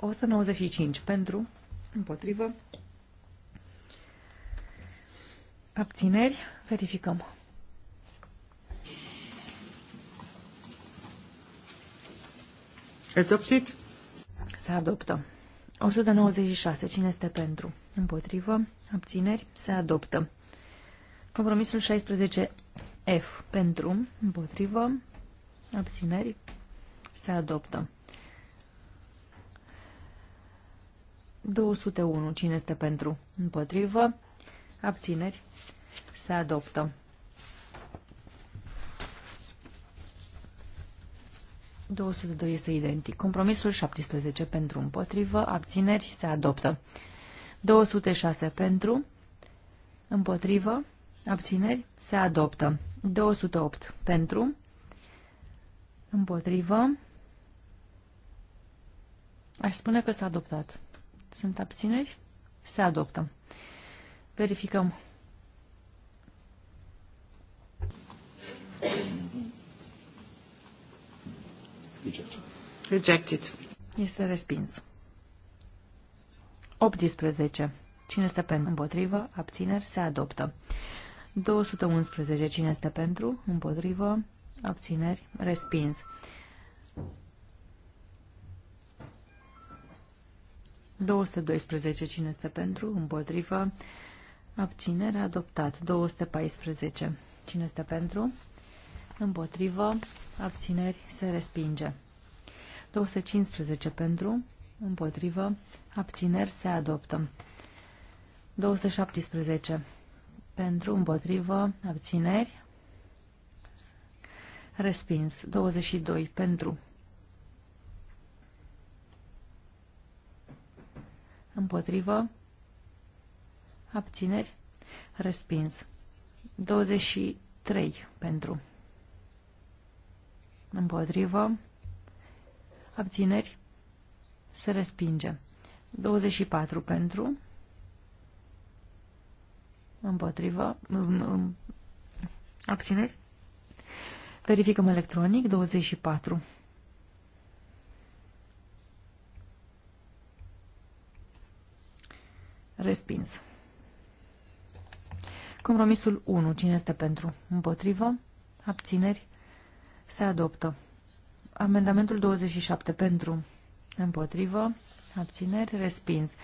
195. Pentru. Împotrivă. Abțineri? Verificăm. Adopted? Se adoptă. 196. Cine este pentru? Împotrivă. Abțineri? Se adoptă. Compromisul 16F. Pentru. Împotrivă. Abțineri? Se adoptă. 201. Cine este pentru? Împotrivă abțineri, se adoptă. doi este identic. Compromisul 17 pentru împotrivă, abțineri, se adoptă. 206 pentru, împotrivă, abțineri, se adoptă. 208 pentru, împotrivă, aș spune că s-a adoptat. Sunt abțineri? Se adoptă. Verificăm. Rejected. Este respins. 18. Cine este pentru? Împotrivă. Abțineri. Se adoptă. 211. Cine este pentru? Împotrivă. Abțineri. Respins. 212. Cine este pentru? Împotrivă. Abținere adoptat. 214. Cine este pentru? Împotrivă. Abțineri se respinge. 215 pentru. Împotrivă. Abțineri se adoptă. 217 pentru. Împotrivă. Abțineri. Respins. 22 pentru. Împotrivă. Abțineri. Respins. 23 pentru. Împotrivă. Abțineri. Se respinge. 24 pentru. Împotrivă. Abțineri. Verificăm electronic. 24. Respins. Compromisul 1. Cine este pentru? Împotrivă? Abțineri? Se adoptă. Amendamentul 27. Pentru? Împotrivă? Abțineri? Respins.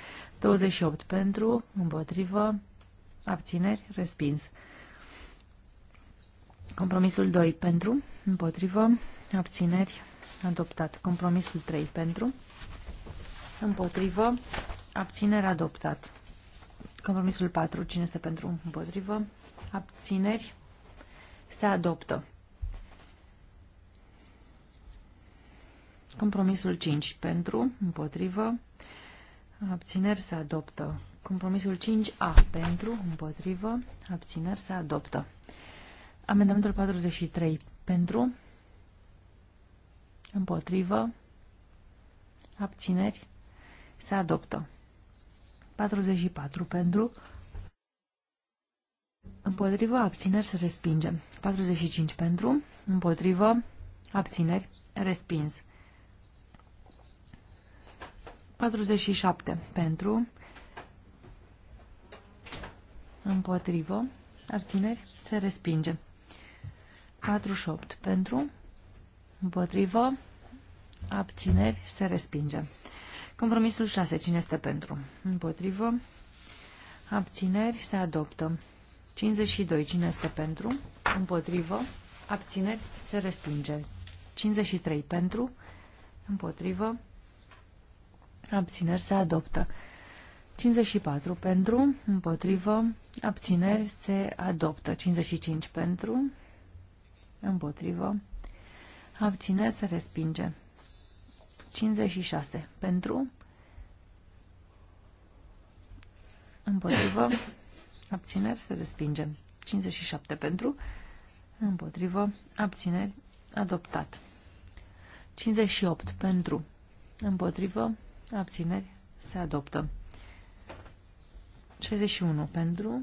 28. Pentru? Împotrivă? Abțineri? Respins. Compromisul 2. Pentru? Împotrivă? Abțineri? Adoptat. Compromisul 3. Pentru? Împotrivă? Abțineri? Adoptat. Compromisul 4. Cine este pentru? Împotrivă. Abțineri. Se adoptă. Compromisul 5. Pentru. Împotrivă. Abțineri se adoptă. Compromisul 5A. Pentru. Împotrivă. Abțineri se adoptă. Amendamentul 43. Pentru. Împotrivă. Abțineri. Se adoptă. 44 pentru, împotrivă, abțineri, se respinge. 45 pentru, împotrivă, abțineri, respins. 47 pentru, împotrivă, abțineri, se respinge. 48 pentru, împotrivă, abțineri, se respinge. Compromisul 6. Cine este pentru? Împotrivă. Abțineri. Se adoptă. 52. Cine este pentru? Împotrivă. Abțineri. Se respinge. 53. Pentru. Împotrivă. Abțineri. Se adoptă. 54 pentru, împotrivă, abțineri se adoptă. 55 pentru, împotrivă, abțineri se respinge. 56 pentru, împotrivă, abțineri, se respinge. 57 pentru, împotrivă, abțineri, adoptat. 58 pentru, împotrivă, abțineri, se adoptă. 61 pentru,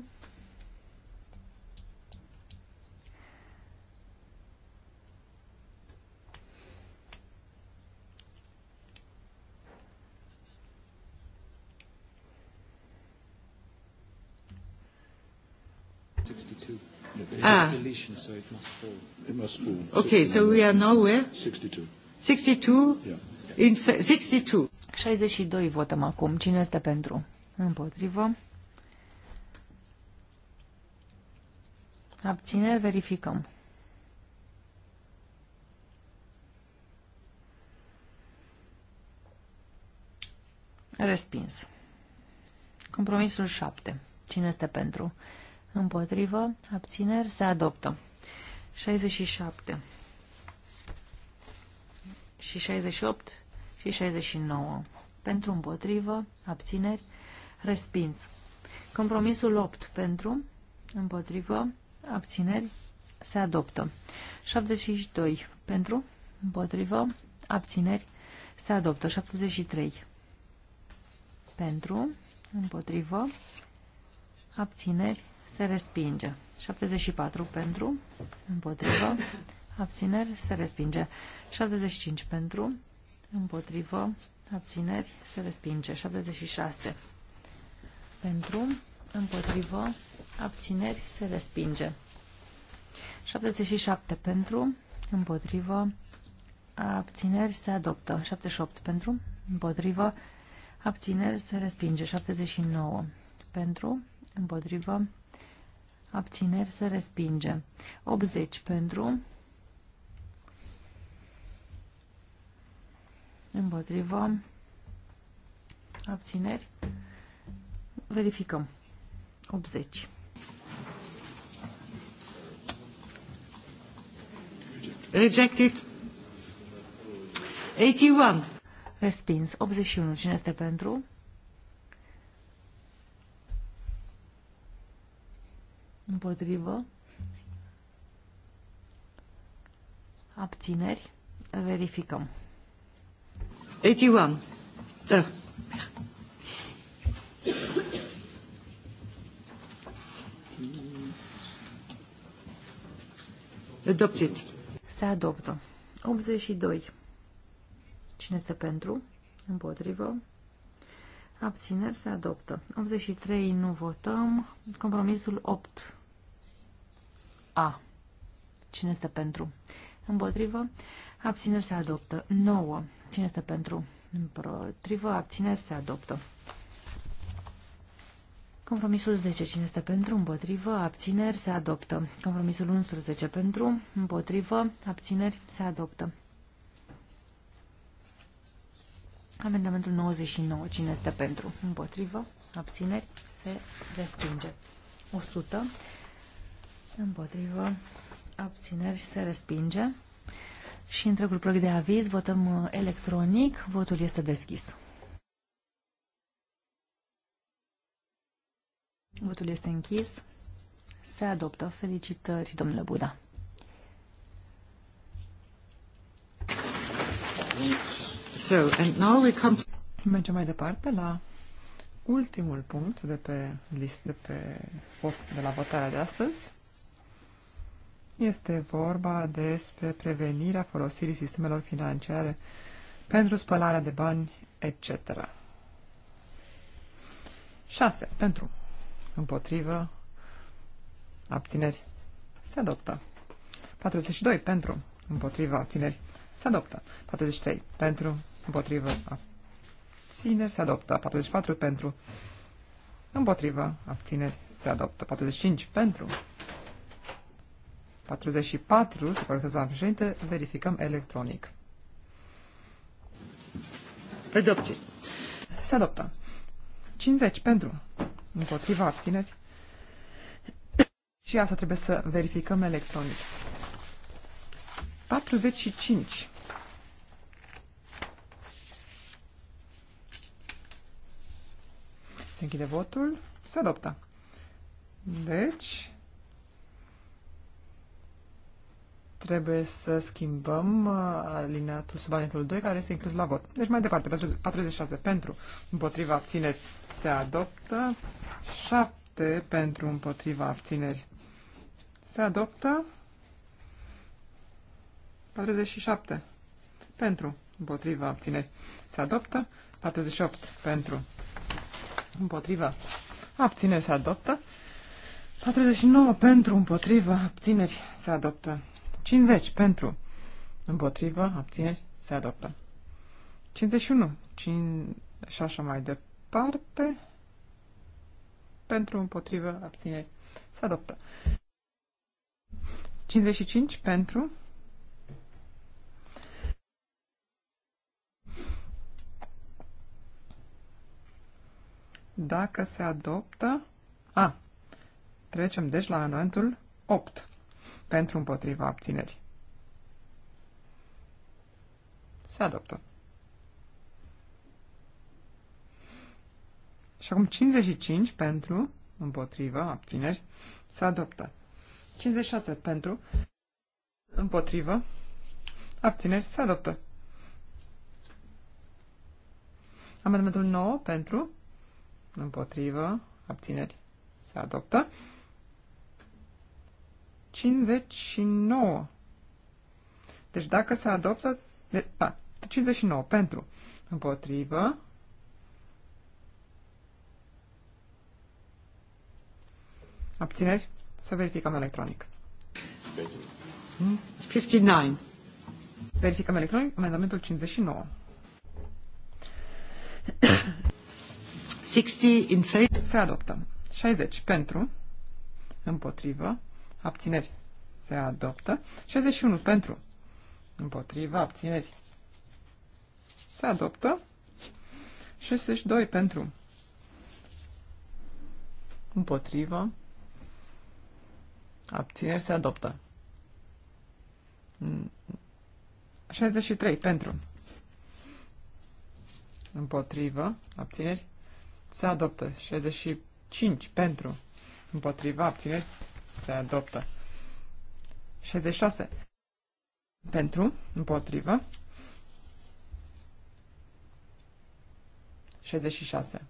ah. deletion, so it must fall. It must fall. Okay, so we are now where? 62. 62? Yeah. In 62. 62 votăm acum. Cine este pentru? Împotrivă. Abțineri, verificăm. Respins. Compromisul 7. Cine este pentru? Pentru. Împotrivă. Abțineri. Se adoptă. 67. Și 68 și 69. Pentru împotrivă. Abțineri. Respins. Compromisul 8 pentru, împotrivă, abțineri, se adoptă. 72 pentru, împotrivă, abțineri, se adoptă. 73 pentru, împotrivă, abțineri, se respinge. 74 pentru, împotrivă, abțineri, se respinge. 75 pentru, împotrivă, abțineri, se respinge. 76 pentru, împotrivă, abțineri, se respinge. 77 pentru, împotrivă, abțineri, se adoptă. 78 pentru, împotrivă, abțineri, se respinge. 79 pentru, împotrivă, abțineri se respinge. 80 pentru, împotrivă, abțineri, verificăm. 80. Rejected. 81. Respins. 81. Cine este pentru? Împotrivă. Abțineri. Verificăm. 81. Da. Adopted. Se adoptă. 82. Cine este pentru? Împotrivă. Abțineri se adoptă. 83 nu votăm. Compromisul 8. A. Cine este pentru? Împotrivă. Abțineri se adoptă. 9. Cine este pentru? Împotrivă. Abțineri se adoptă. Compromisul 10. Cine este pentru? Împotrivă. Abțineri se adoptă. Compromisul 11. Pentru? Împotrivă. Abțineri se adoptă. Amendamentul 99. Cine este pentru? Împotrivă. Abțineri se respinge. 100. Împotrivă. Abțineri se respinge. Și întregul proiect de aviz votăm uh, electronic. Votul este deschis. Votul este închis. Se adoptă. Felicitări, domnule Buda. So, and now we come... Mergem mai departe la ultimul punct de pe, list, de pe de la votarea de astăzi. Este vorba despre prevenirea folosirii sistemelor financiare pentru spălarea de bani, etc. 6. Pentru. Împotrivă. Abțineri. Se adoptă. 42. Pentru. Împotrivă. Abțineri. Se adoptă. 43. Pentru. Împotrivă. Abțineri. Se adoptă. 44. Pentru. Împotrivă. Abțineri. Se adoptă. 45. Pentru. 44, se corectează la președinte, verificăm electronic. Adopție. Se adoptă. 50 pentru. Împotriva abțineri. Și asta trebuie să verificăm electronic. 45. Se închide votul. Se adoptă. Deci, trebuie să schimbăm uh, alineatul sub alineatul 2 care este inclus la vot. Deci mai departe, 46 pentru, împotriva abțineri se adoptă, 7 pentru, împotriva abțineri se adoptă, 47 pentru, împotriva abțineri se adoptă, 48 pentru, împotriva abțineri se adoptă, 49 pentru, împotriva abțineri se adoptă. 50 pentru, împotrivă, abțineri, se adoptă. 51 Cin... și așa mai departe, pentru, împotrivă, abțineri, se adoptă. 55 pentru, dacă se adoptă... A, trecem deci la amendamentul 8. Pentru împotriva abțineri. Se adoptă. Și acum 55 pentru, împotriva, abțineri, se adoptă. 56 pentru, împotrivă, abțineri, se adoptă. Amendamentul 9 pentru, împotrivă, abțineri, se adoptă. 59. Deci dacă se adoptă... De, da, 59 pentru. Împotrivă. Abțineri? Să verificăm electronic. 59. Verificăm electronic amendamentul 59. 60 in favor. Se adoptă. 60 pentru. Împotrivă abțineri se adoptă. 61 pentru, împotriva, abțineri se adoptă. 62 pentru, împotriva, abțineri se adoptă. 63 pentru, împotrivă, abțineri, se adoptă 65 pentru, împotriva, abțineri, se adoptă. 66. Pentru, împotrivă. 66.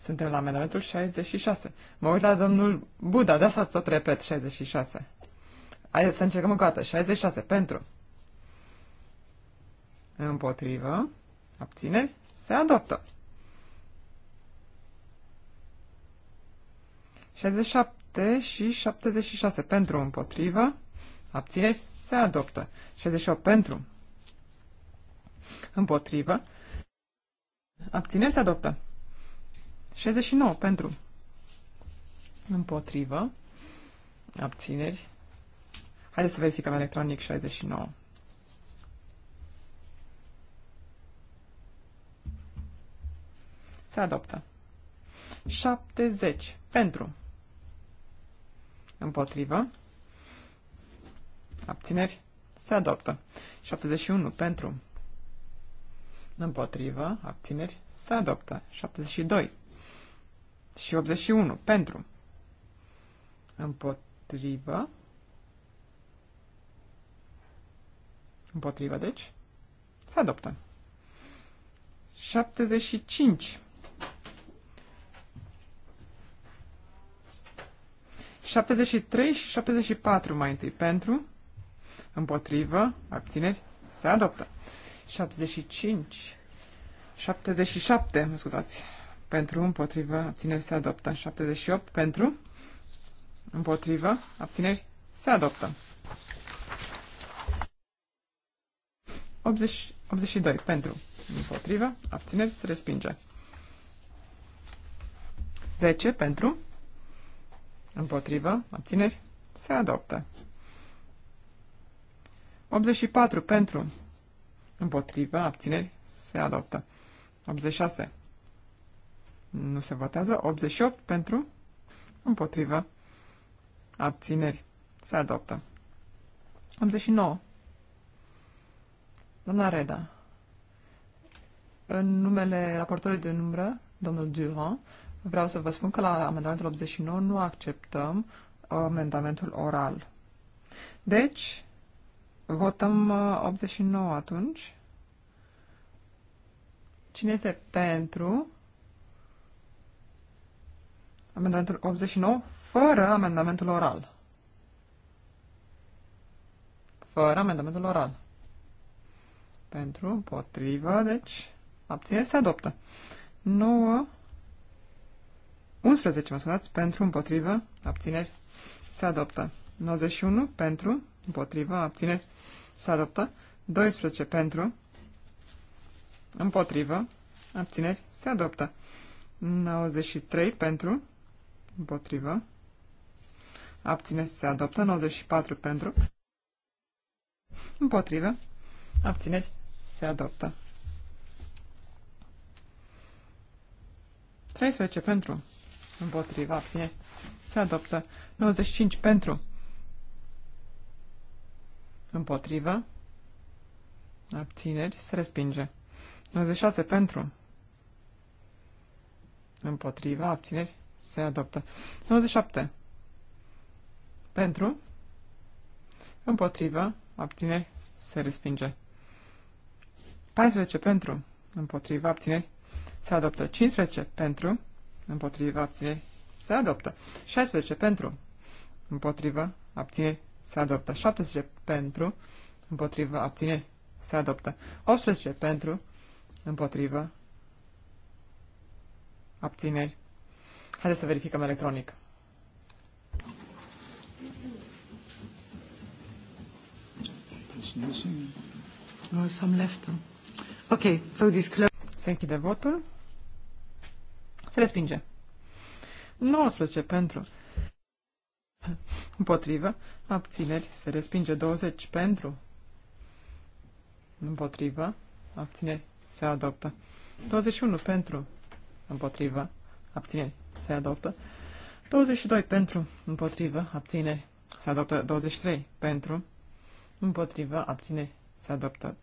Suntem la amendamentul 66. Mă uit la domnul Buda, de asta tot repet, 66. Hai să încercăm încă o dată. 66. Pentru. Împotrivă. Abțineri. Se adoptă. 67 și 76 pentru împotrivă, abțineri, se adoptă. 68 pentru împotrivă, abțineri, se adoptă. 69 pentru împotrivă, abțineri. Haideți să verificăm electronic 69. Se adoptă. 70. Pentru. Împotrivă. Abțineri. Se adoptă. 71 pentru. Împotrivă. Abțineri. Se adoptă. 72. Și 81 pentru. Împotrivă. Împotrivă, deci. Se adoptă. 75 73 și 74 mai întâi pentru, împotrivă, abțineri, se adoptă. 75, 77, mă scuzați, pentru, împotrivă, abțineri, se adoptă. 78 pentru, împotrivă, abțineri, se adoptă. 80, 82 pentru, împotrivă, abțineri, se respinge. 10 pentru, Împotrivă. Abțineri. Se adoptă. 84. Pentru. Împotrivă. Abțineri. Se adoptă. 86. Nu se votează. 88. Pentru. Împotrivă. Abțineri. Se adoptă. 89. Doamna Reda. În numele raportorului de numără, domnul Durand, Vreau să vă spun că la amendamentul 89 nu acceptăm amendamentul oral. Deci, votăm 89 uh, atunci. Cine este pentru amendamentul 89 fără amendamentul oral? Fără amendamentul oral. Pentru, împotrivă, deci, abține, se adoptă. 9 11, mă pentru, împotrivă, abțineri, se adoptă. 91 pentru, împotrivă, abțineri, se adoptă. 12 pentru, împotrivă, abțineri, se adoptă. 93 pentru, împotrivă, abțineri, se adoptă. 94 pentru, împotrivă, abțineri, se adoptă. 13 pentru, Împotriva abține. se adoptă. 95 pentru. Împotrivă. Abțineri se respinge. 96 pentru. Împotriva abțineri se adoptă. 97 pentru. Împotrivă abțineri se respinge. 14 pentru. Împotriva abțineri se adoptă. 15 pentru împotriva abțineri, se adoptă. 16 pentru. împotriva abțineri, se adoptă. 17 pentru. împotriva abțineri, se adoptă. 18 pentru. împotriva abțineri. Haideți să verificăm electronic. No, some left. Ok, vote is Thank you închide votul. Se respinge. 19 pentru. Împotrivă. Abțineri. Se respinge. 20 pentru. Împotrivă. Abțineri. Se adoptă. 21 pentru. Împotrivă. Abțineri. Se adoptă. 22 pentru. Împotrivă. Abțineri. Se adoptă. 23 pentru. Împotrivă. Abțineri. Se adoptă.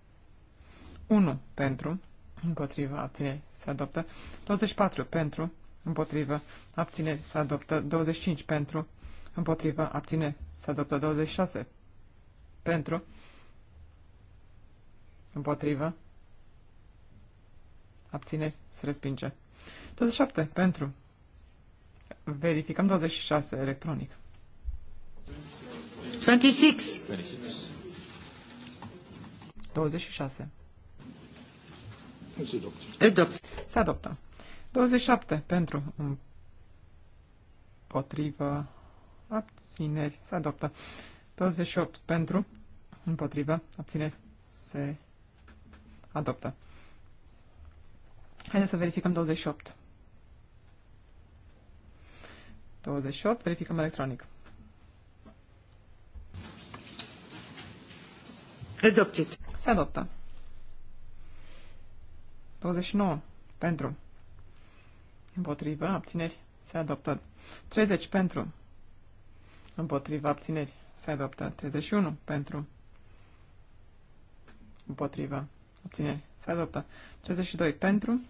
1 pentru împotrivă, abțineri, se adoptă. 24 pentru, împotrivă, abțineri, se adoptă. 25 pentru, împotrivă, abțineri, se adoptă. 26 pentru, împotrivă, abțineri, se respinge. 27 pentru, verificăm 26 electronic. 26. 26. Se adoptă. adoptă. Se adoptă. 27 pentru împotrivă abțineri. Se adoptă. 28 pentru potrivă abțineri. Se adoptă. Haideți să verificăm 28. 28, verificăm electronic. Adopted. Se adoptă. 29 pentru. Împotrivă, abțineri, se adoptă. 30 pentru. Împotrivă, abțineri, se adoptă. 31 pentru. Împotrivă, abțineri, se adoptă. 32 pentru.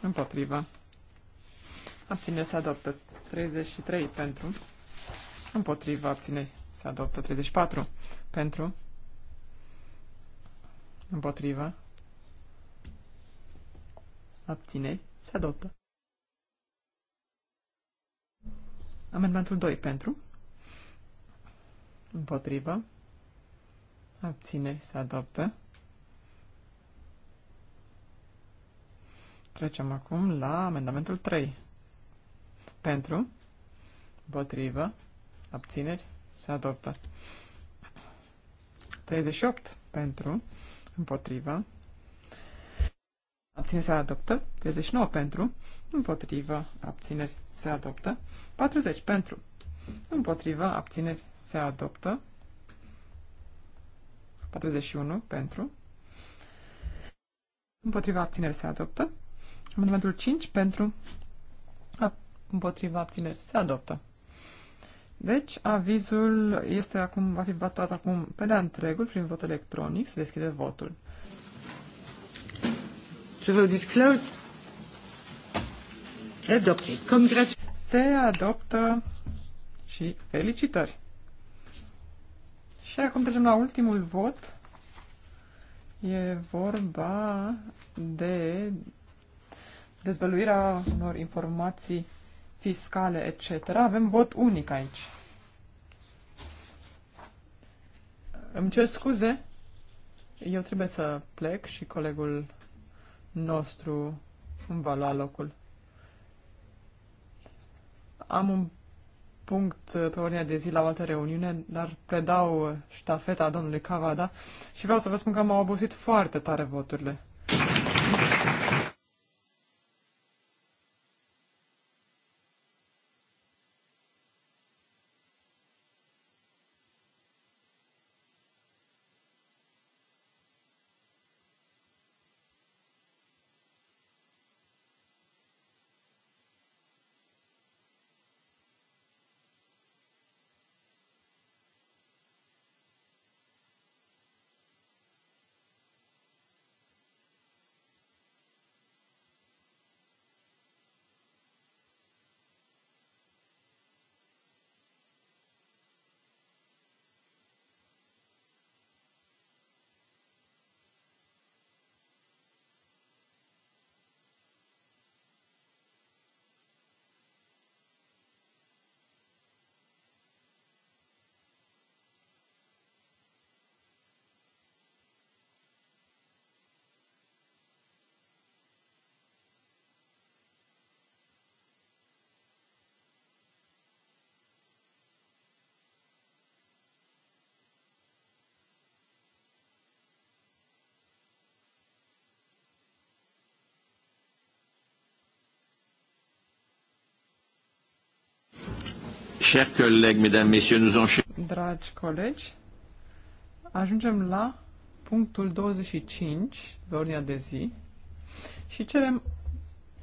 Împotrivă. Abțineri, se adoptă. 33 pentru. Împotrivă, abțineri, se adoptă. 34 pentru. Împotrivă, abține, se adoptă. Amendamentul 2 pentru, împotrivă, Abține, se adoptă. Trecem acum la amendamentul 3. Pentru, împotrivă, abțineri, se adoptă. 38 pentru, împotrivă, Abțineri se adoptă. 39 pentru. Împotrivă. Abțineri se adoptă. 40 pentru. Împotrivă. Abțineri se adoptă. 41 pentru. Împotriva abțineri se adoptă. Amendamentul 5 pentru. A, împotriva abțineri se adoptă. Deci, avizul este acum, va fi votat acum pe de întregul prin vot electronic. Se deschide votul. The vote is closed. Adopted. Congratulations. Se adoptă și felicitări. Și acum trecem la ultimul vot. E vorba de dezvăluirea unor informații fiscale, etc. Avem vot unic aici. Îmi cer scuze, eu trebuie să plec și colegul nostru îmi va lua locul. Am un punct pe ordinea de zi la o altă reuniune, dar predau ștafeta domnului Cavada și vreau să vă spun că m-au obosit foarte tare voturile. Dragi colegi, ajungem la punctul 25 de ordinea de zi și cerem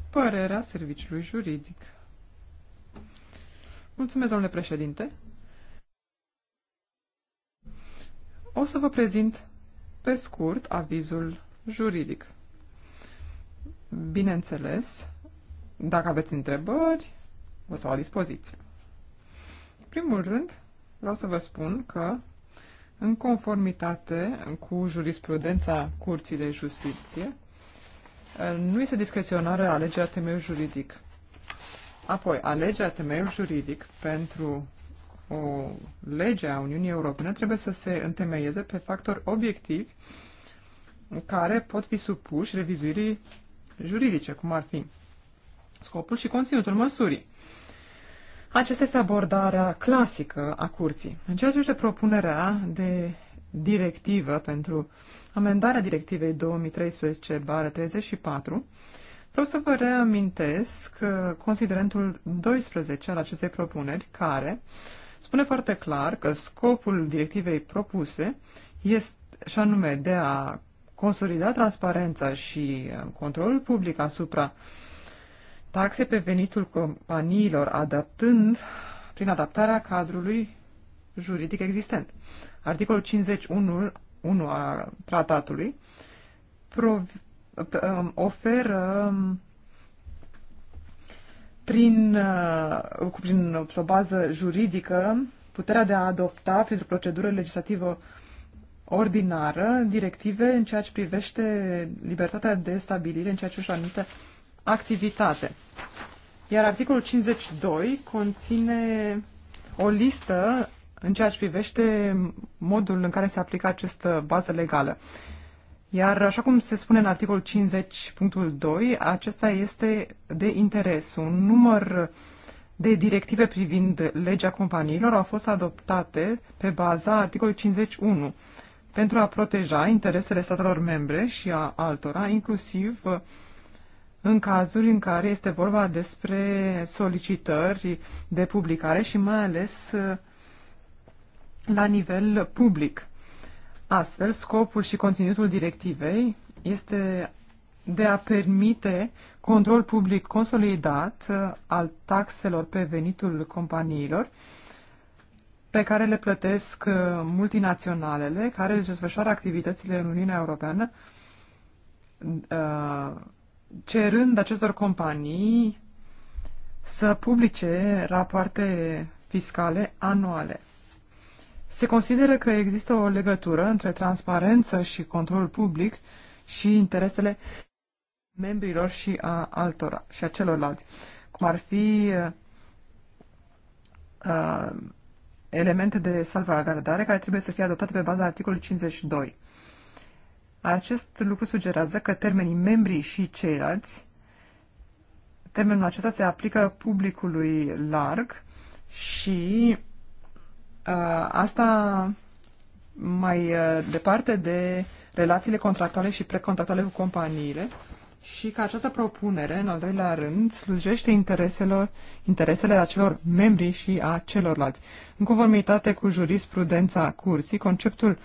părerea serviciului juridic. Mulțumesc, domnule președinte. O să vă prezint pe scurt avizul juridic. Bineînțeles, dacă aveți întrebări, vă stau la dispoziție primul rând, vreau să vă spun că, în conformitate cu jurisprudența Curții de Justiție, nu este discreționară alegerea temeiului juridic. Apoi, alegerea temeiului juridic pentru o lege a Uniunii Europene trebuie să se întemeieze pe factori obiectivi care pot fi supuși revizuirii juridice, cum ar fi scopul și conținutul măsurii. Aceasta este abordarea clasică a curții. În ceea ce este propunerea de directivă pentru amendarea directivei 2013-34, vreau să vă reamintesc uh, considerentul 12 al acestei propuneri, care spune foarte clar că scopul directivei propuse este, și anume, de a consolida transparența și uh, controlul public asupra uh, taxe pe venitul companiilor, adaptând prin adaptarea cadrului juridic existent. Articolul 51 a tratatului prov, um, oferă um, prin, uh, prin o bază juridică puterea de a adopta printr-o procedură legislativă ordinară directive în ceea ce privește libertatea de stabilire, în ceea ce își anumită activitate. Iar articolul 52 conține o listă în ceea ce privește modul în care se aplică această bază legală. Iar așa cum se spune în articolul 50.2, acesta este de interes. Un număr de directive privind legea companiilor au fost adoptate pe baza articolului 51 pentru a proteja interesele statelor membre și a altora, inclusiv în cazuri în care este vorba despre solicitări de publicare și mai ales uh, la nivel public. Astfel, scopul și conținutul directivei este de a permite control public consolidat uh, al taxelor pe venitul companiilor pe care le plătesc uh, multinaționalele care își desfășoară activitățile în Uniunea Europeană cerând acestor companii să publice rapoarte fiscale anuale. Se consideră că există o legătură între transparență și control public și interesele membrilor și a altora și a celorlalți, cum ar fi uh, uh elemente de salvagardare care trebuie să fie adoptate pe baza articolului 52. Acest lucru sugerează că termenii membrii și ceilalți, termenul acesta se aplică publicului larg și uh, asta mai uh, departe de relațiile contractuale și precontractuale cu companiile și că această propunere, în al doilea rând, slujește intereselor, interesele acelor membri și a celorlalți. În conformitate cu jurisprudența curții, conceptul uh,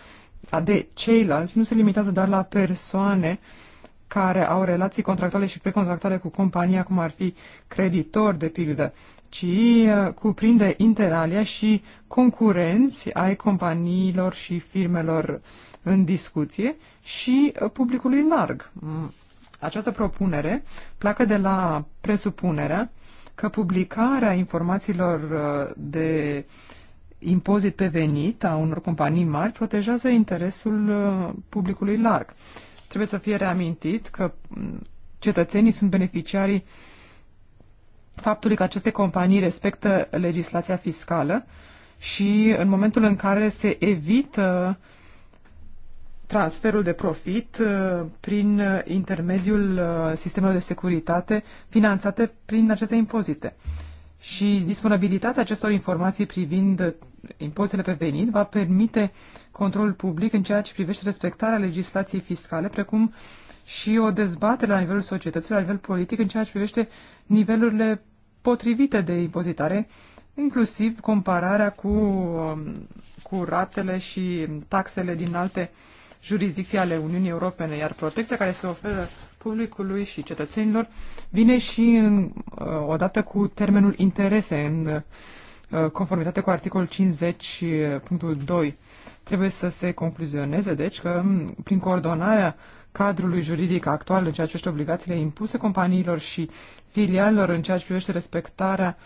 de ceilalți nu se limitează doar la persoane care au relații contractuale și precontractuale cu compania, cum ar fi creditor, de pildă, ci uh, cuprinde interalia și concurenți ai companiilor și firmelor în discuție și uh, publicului larg. Mm. Această propunere pleacă de la presupunerea că publicarea informațiilor uh, de uh, impozit pe venit a unor companii mari protejează interesul uh, publicului larg. Trebuie să fie reamintit că mm, cetățenii sunt beneficiarii faptului că aceste companii respectă legislația fiscală și în momentul în care se evită transferul de profit uh, prin uh, intermediul sistemelor de securitate finanțate prin aceste impozite și disponibilitatea acestor informații privind impozitele pe venit va permite controlul public în ceea ce privește respectarea legislației fiscale, precum și o dezbatere la nivelul societății, la nivel politic, în ceea ce privește nivelurile potrivite de impozitare, inclusiv compararea cu, um, cu ratele și taxele din alte jurisdicții ale Uniunii Europene, iar protecția care se oferă publicului și cetățenilor vine și în, uh, odată cu termenul interese în uh, conformitate cu articolul 50.2. Uh, Trebuie să se concluzioneze, deci, că prin coordonarea cadrului juridic actual în ceea ce privește obligațiile impuse companiilor și filialelor în ceea ce privește respectarea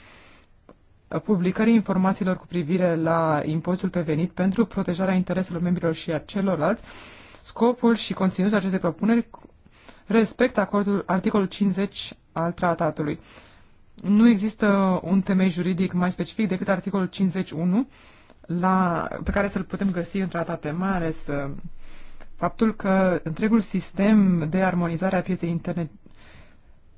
publicării informațiilor cu privire la impozitul pe venit pentru protejarea intereselor membrilor și a celorlalți, scopul și conținutul acestei propuneri respectă acordul, articolul 50 al tratatului. Nu există un temei juridic mai specific decât articolul 51 la, pe care să-l putem găsi în tratate, mai ales uh, faptul că întregul sistem de armonizare a pieței interne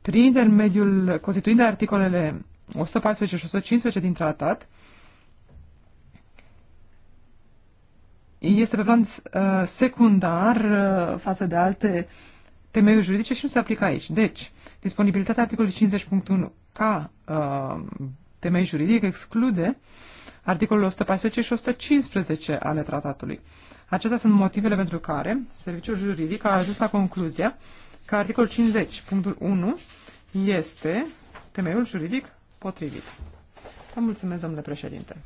prin intermediul constituind de articolele 114 și 115 din tratat este pe plan uh, secundar uh, față de alte uh, Temeiul juridice și nu se aplică aici. Deci, disponibilitatea articolului 50.1 ca uh, temei juridic exclude articolul 114 și 115 ale tratatului. Acestea sunt motivele pentru care serviciul juridic a ajuns la concluzia că articolul 50.1 este temeiul juridic potrivit. Vă mulțumesc, domnule președinte.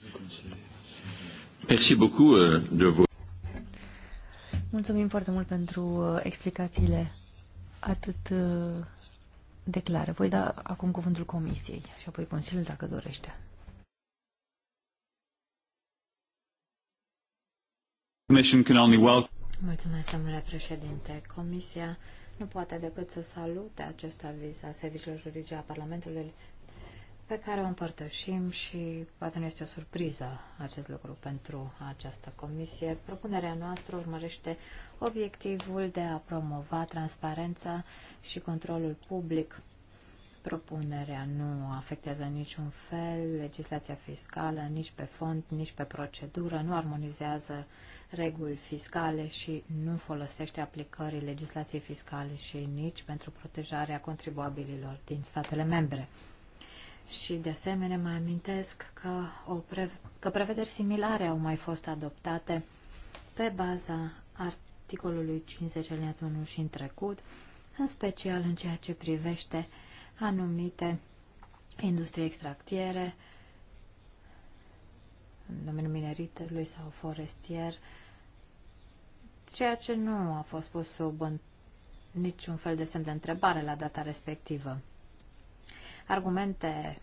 Thank you. Merci beaucoup euh, de vos... Mulțumim foarte mult pentru uh, explicațiile atât uh, de clare. Voi da acum cuvântul Comisiei și apoi Consiliul dacă dorește. Mulțumesc, domnule președinte. Comisia nu poate decât să salute acest aviz a serviciilor juridice a Parlamentului pe care o împărtășim și poate nu este o surpriză acest lucru pentru această comisie. Propunerea noastră urmărește obiectivul de a promova transparența și controlul public. Propunerea nu afectează niciun fel legislația fiscală, nici pe fond, nici pe procedură, nu armonizează reguli fiscale și nu folosește aplicării legislației fiscale și nici pentru protejarea contribuabililor din statele membre. Și de asemenea mai amintesc că, o pre- că prevederi similare au mai fost adoptate pe baza articolului 50 alineatul 1 și în trecut, în special în ceea ce privește anumite industrie extractiere, în domeniul mineritului sau forestier, ceea ce nu a fost pus sub niciun fel de semn de întrebare la data respectivă argumente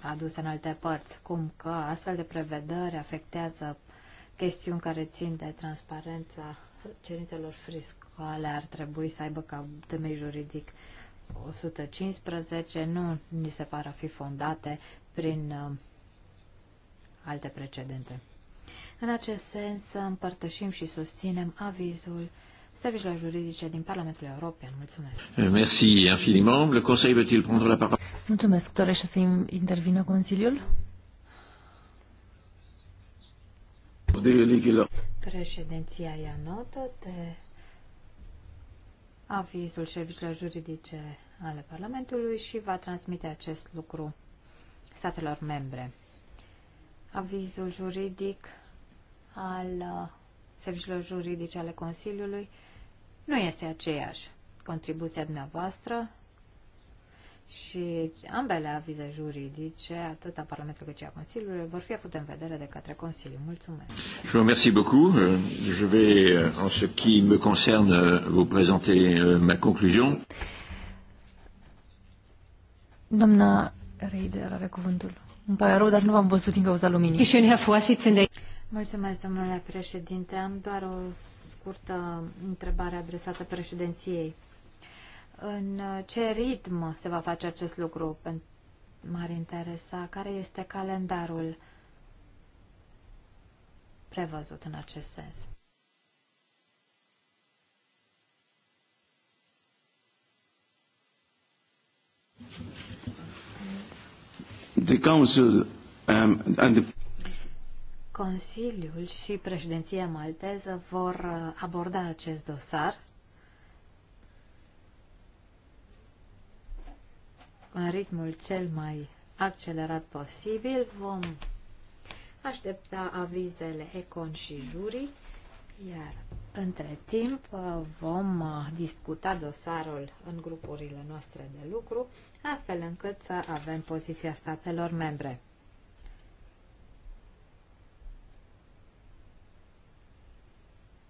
aduse în alte părți, cum că astfel de prevedere afectează chestiuni care țin de transparența cerințelor friscoale ar trebui să aibă ca temei juridic 115, nu ni se par a fi fondate prin uh, alte precedente. În acest sens, împărtășim și susținem avizul serviciilor juridice din Parlamentul European. Mulțumesc. Eh, merci infiniment. Le Conseil veut-il prendre la parole? Mulțumesc. Dorește să intervină Consiliul? Președinția ia notă de avizul serviciilor juridice ale Parlamentului și va transmite acest lucru statelor membre. Avizul juridic al uh, serviciilor juridice ale Consiliului nu este aceeași. Contribuția dumneavoastră și ambele avize juridice, atât a Parlamentului cât și a Consiliului, vor fi avute în vedere de către Consiliu. Mulțumesc. Je vous remercie beaucoup. Euh, je vais, euh, en ce qui me concerne, euh, vous présenter ma conclusion. Doamna Reider are cuvântul. Îmi pare rău, dar nu v-am văzut din cauza luminii. Mulțumesc, domnule președinte. Am doar o scurtă întrebare adresată președinției. În ce ritm se va face acest lucru? M-ar interesa care este calendarul prevăzut în acest sens. The Council um, and the Consiliul și președinția malteză vor uh, aborda acest dosar în ritmul cel mai accelerat posibil. Vom aștepta avizele Econ și Juri, iar între timp uh, vom uh, discuta dosarul în grupurile noastre de lucru, astfel încât să avem poziția statelor membre.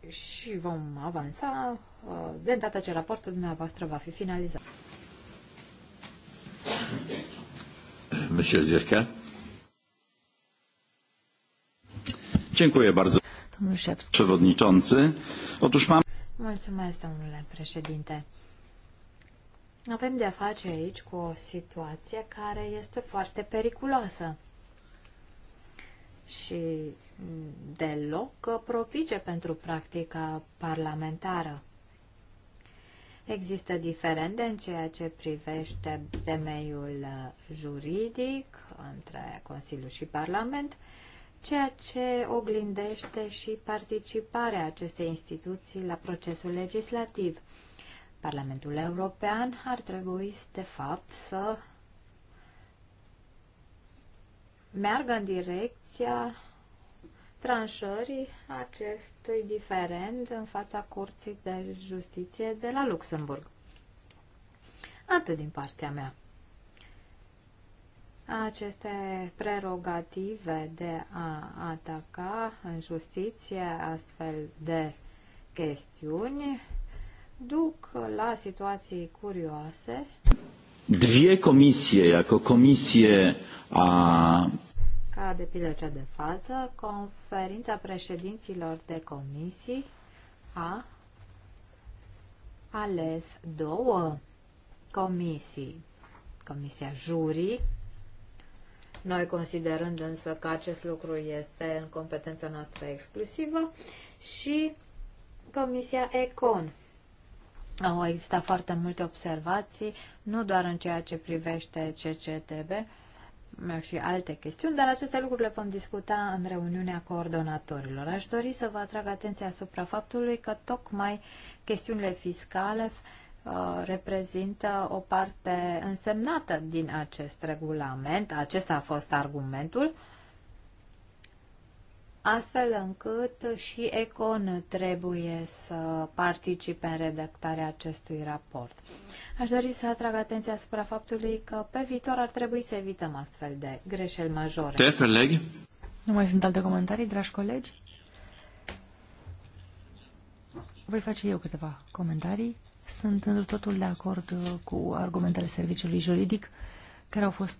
și vom avansa uh, de data ce raportul dumneavoastră va fi finalizat. Dziękuję bardzo. Przewodniczący. Otóż mam... Mulțumesc, domnule președinte. Avem de-a face aici cu o situație care este foarte periculoasă și deloc propice pentru practica parlamentară. Există diferențe în ceea ce privește temeiul juridic între Consiliu și Parlament, ceea ce oglindește și participarea acestei instituții la procesul legislativ. Parlamentul European ar trebui, de fapt, să meargă în direcția tranșării acestui diferent în fața Curții de Justiție de la Luxemburg. Atât din partea mea. Aceste prerogative de a ataca în justiție astfel de chestiuni duc la situații curioase dwie komisje jako komisje a ca de pildă cea de față, conferința președinților de comisii a ales două comisii. Comisia jurii, noi considerând însă că acest lucru este în competența noastră exclusivă, și Comisia Econ, au existat foarte multe observații, nu doar în ceea ce privește CCTB și alte chestiuni, dar aceste lucruri le vom discuta în reuniunea coordonatorilor. Aș dori să vă atrag atenția asupra faptului că tocmai chestiunile fiscale uh, reprezintă o parte însemnată din acest regulament. Acesta a fost argumentul astfel încât și Econ trebuie să participe în redactarea acestui raport. Aș dori să atrag atenția asupra faptului că pe viitor ar trebui să evităm astfel de greșeli majore. Te, colegi? Nu mai sunt alte comentarii, dragi colegi? Voi face eu câteva comentarii. Sunt într totul de acord cu argumentele serviciului juridic care au fost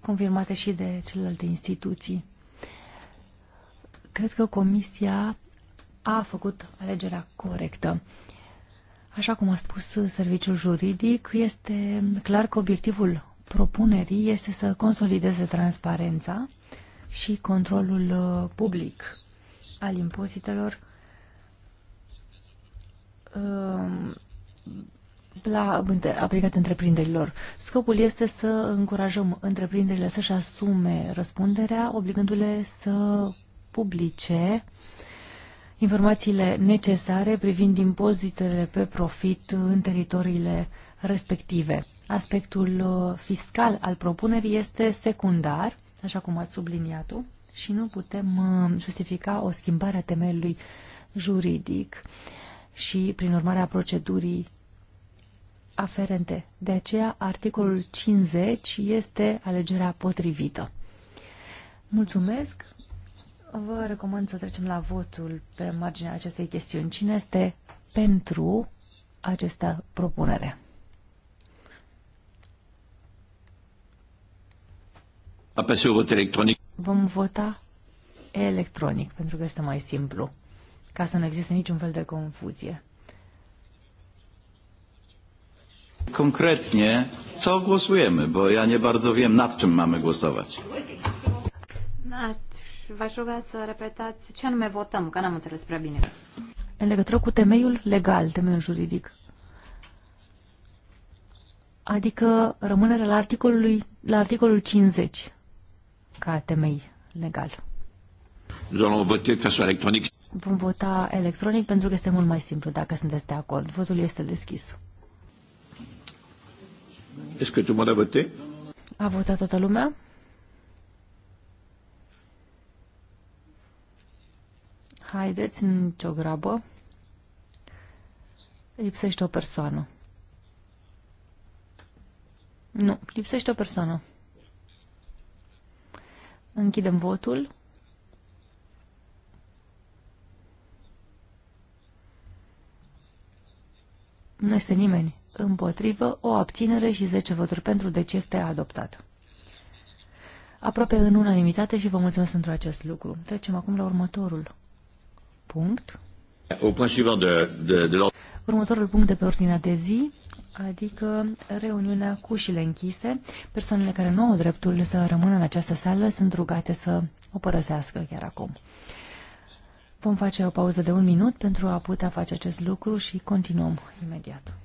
confirmate și de celelalte instituții. Cred că Comisia a făcut alegerea corectă. Așa cum a spus serviciul juridic, este clar că obiectivul propunerii este să consolideze transparența și controlul uh, public al impozitelor uh, la aplicat întreprinderilor. Scopul este să încurajăm întreprinderile să-și asume răspunderea, obligându-le să publice informațiile necesare privind impozitele pe profit în teritoriile respective. Aspectul uh, fiscal al propunerii este secundar, așa cum ați subliniat-o, și nu putem uh, justifica o schimbare a temeiului juridic și, prin urmare, a procedurii aferente. De aceea, articolul 50 este alegerea potrivită. Mulțumesc! Vă recomand să trecem la votul pe marginea acestei chestiuni. Cine este pentru această propunere? Apăsă vot electronic. Vom vota electronic, pentru că este mai simplu, ca să nu existe niciun fel de confuzie. Konkretnie, co głosujemy, bo ja nie bardzo wiem, nad czym mamy głosować. Nad v-aș ruga să repetați ce anume votăm, că n-am înțeles prea bine. În legătură cu temeiul legal, temeiul juridic. Adică rămânerea la articolul, la articolul 50 ca temei legal. Vom vota electronic pentru că este mult mai simplu dacă sunteți de acord. Votul este deschis. Est-ce que tout le monde a voté? A votat toată lumea? Haideți, nicio grabă. Lipsește o persoană. Nu, lipsește o persoană. Închidem votul. Nu este nimeni împotrivă, o abținere și 10 voturi pentru, deci este adoptat. Aproape în unanimitate și vă mulțumesc pentru acest lucru. Trecem acum la următorul punct. Următorul punct de pe ordinea de zi, adică reuniunea cu șile închise. Persoanele care nu au dreptul să rămână în această sală sunt rugate să o părăsească chiar acum. Vom face o pauză de un minut pentru a putea face acest lucru și continuăm imediat.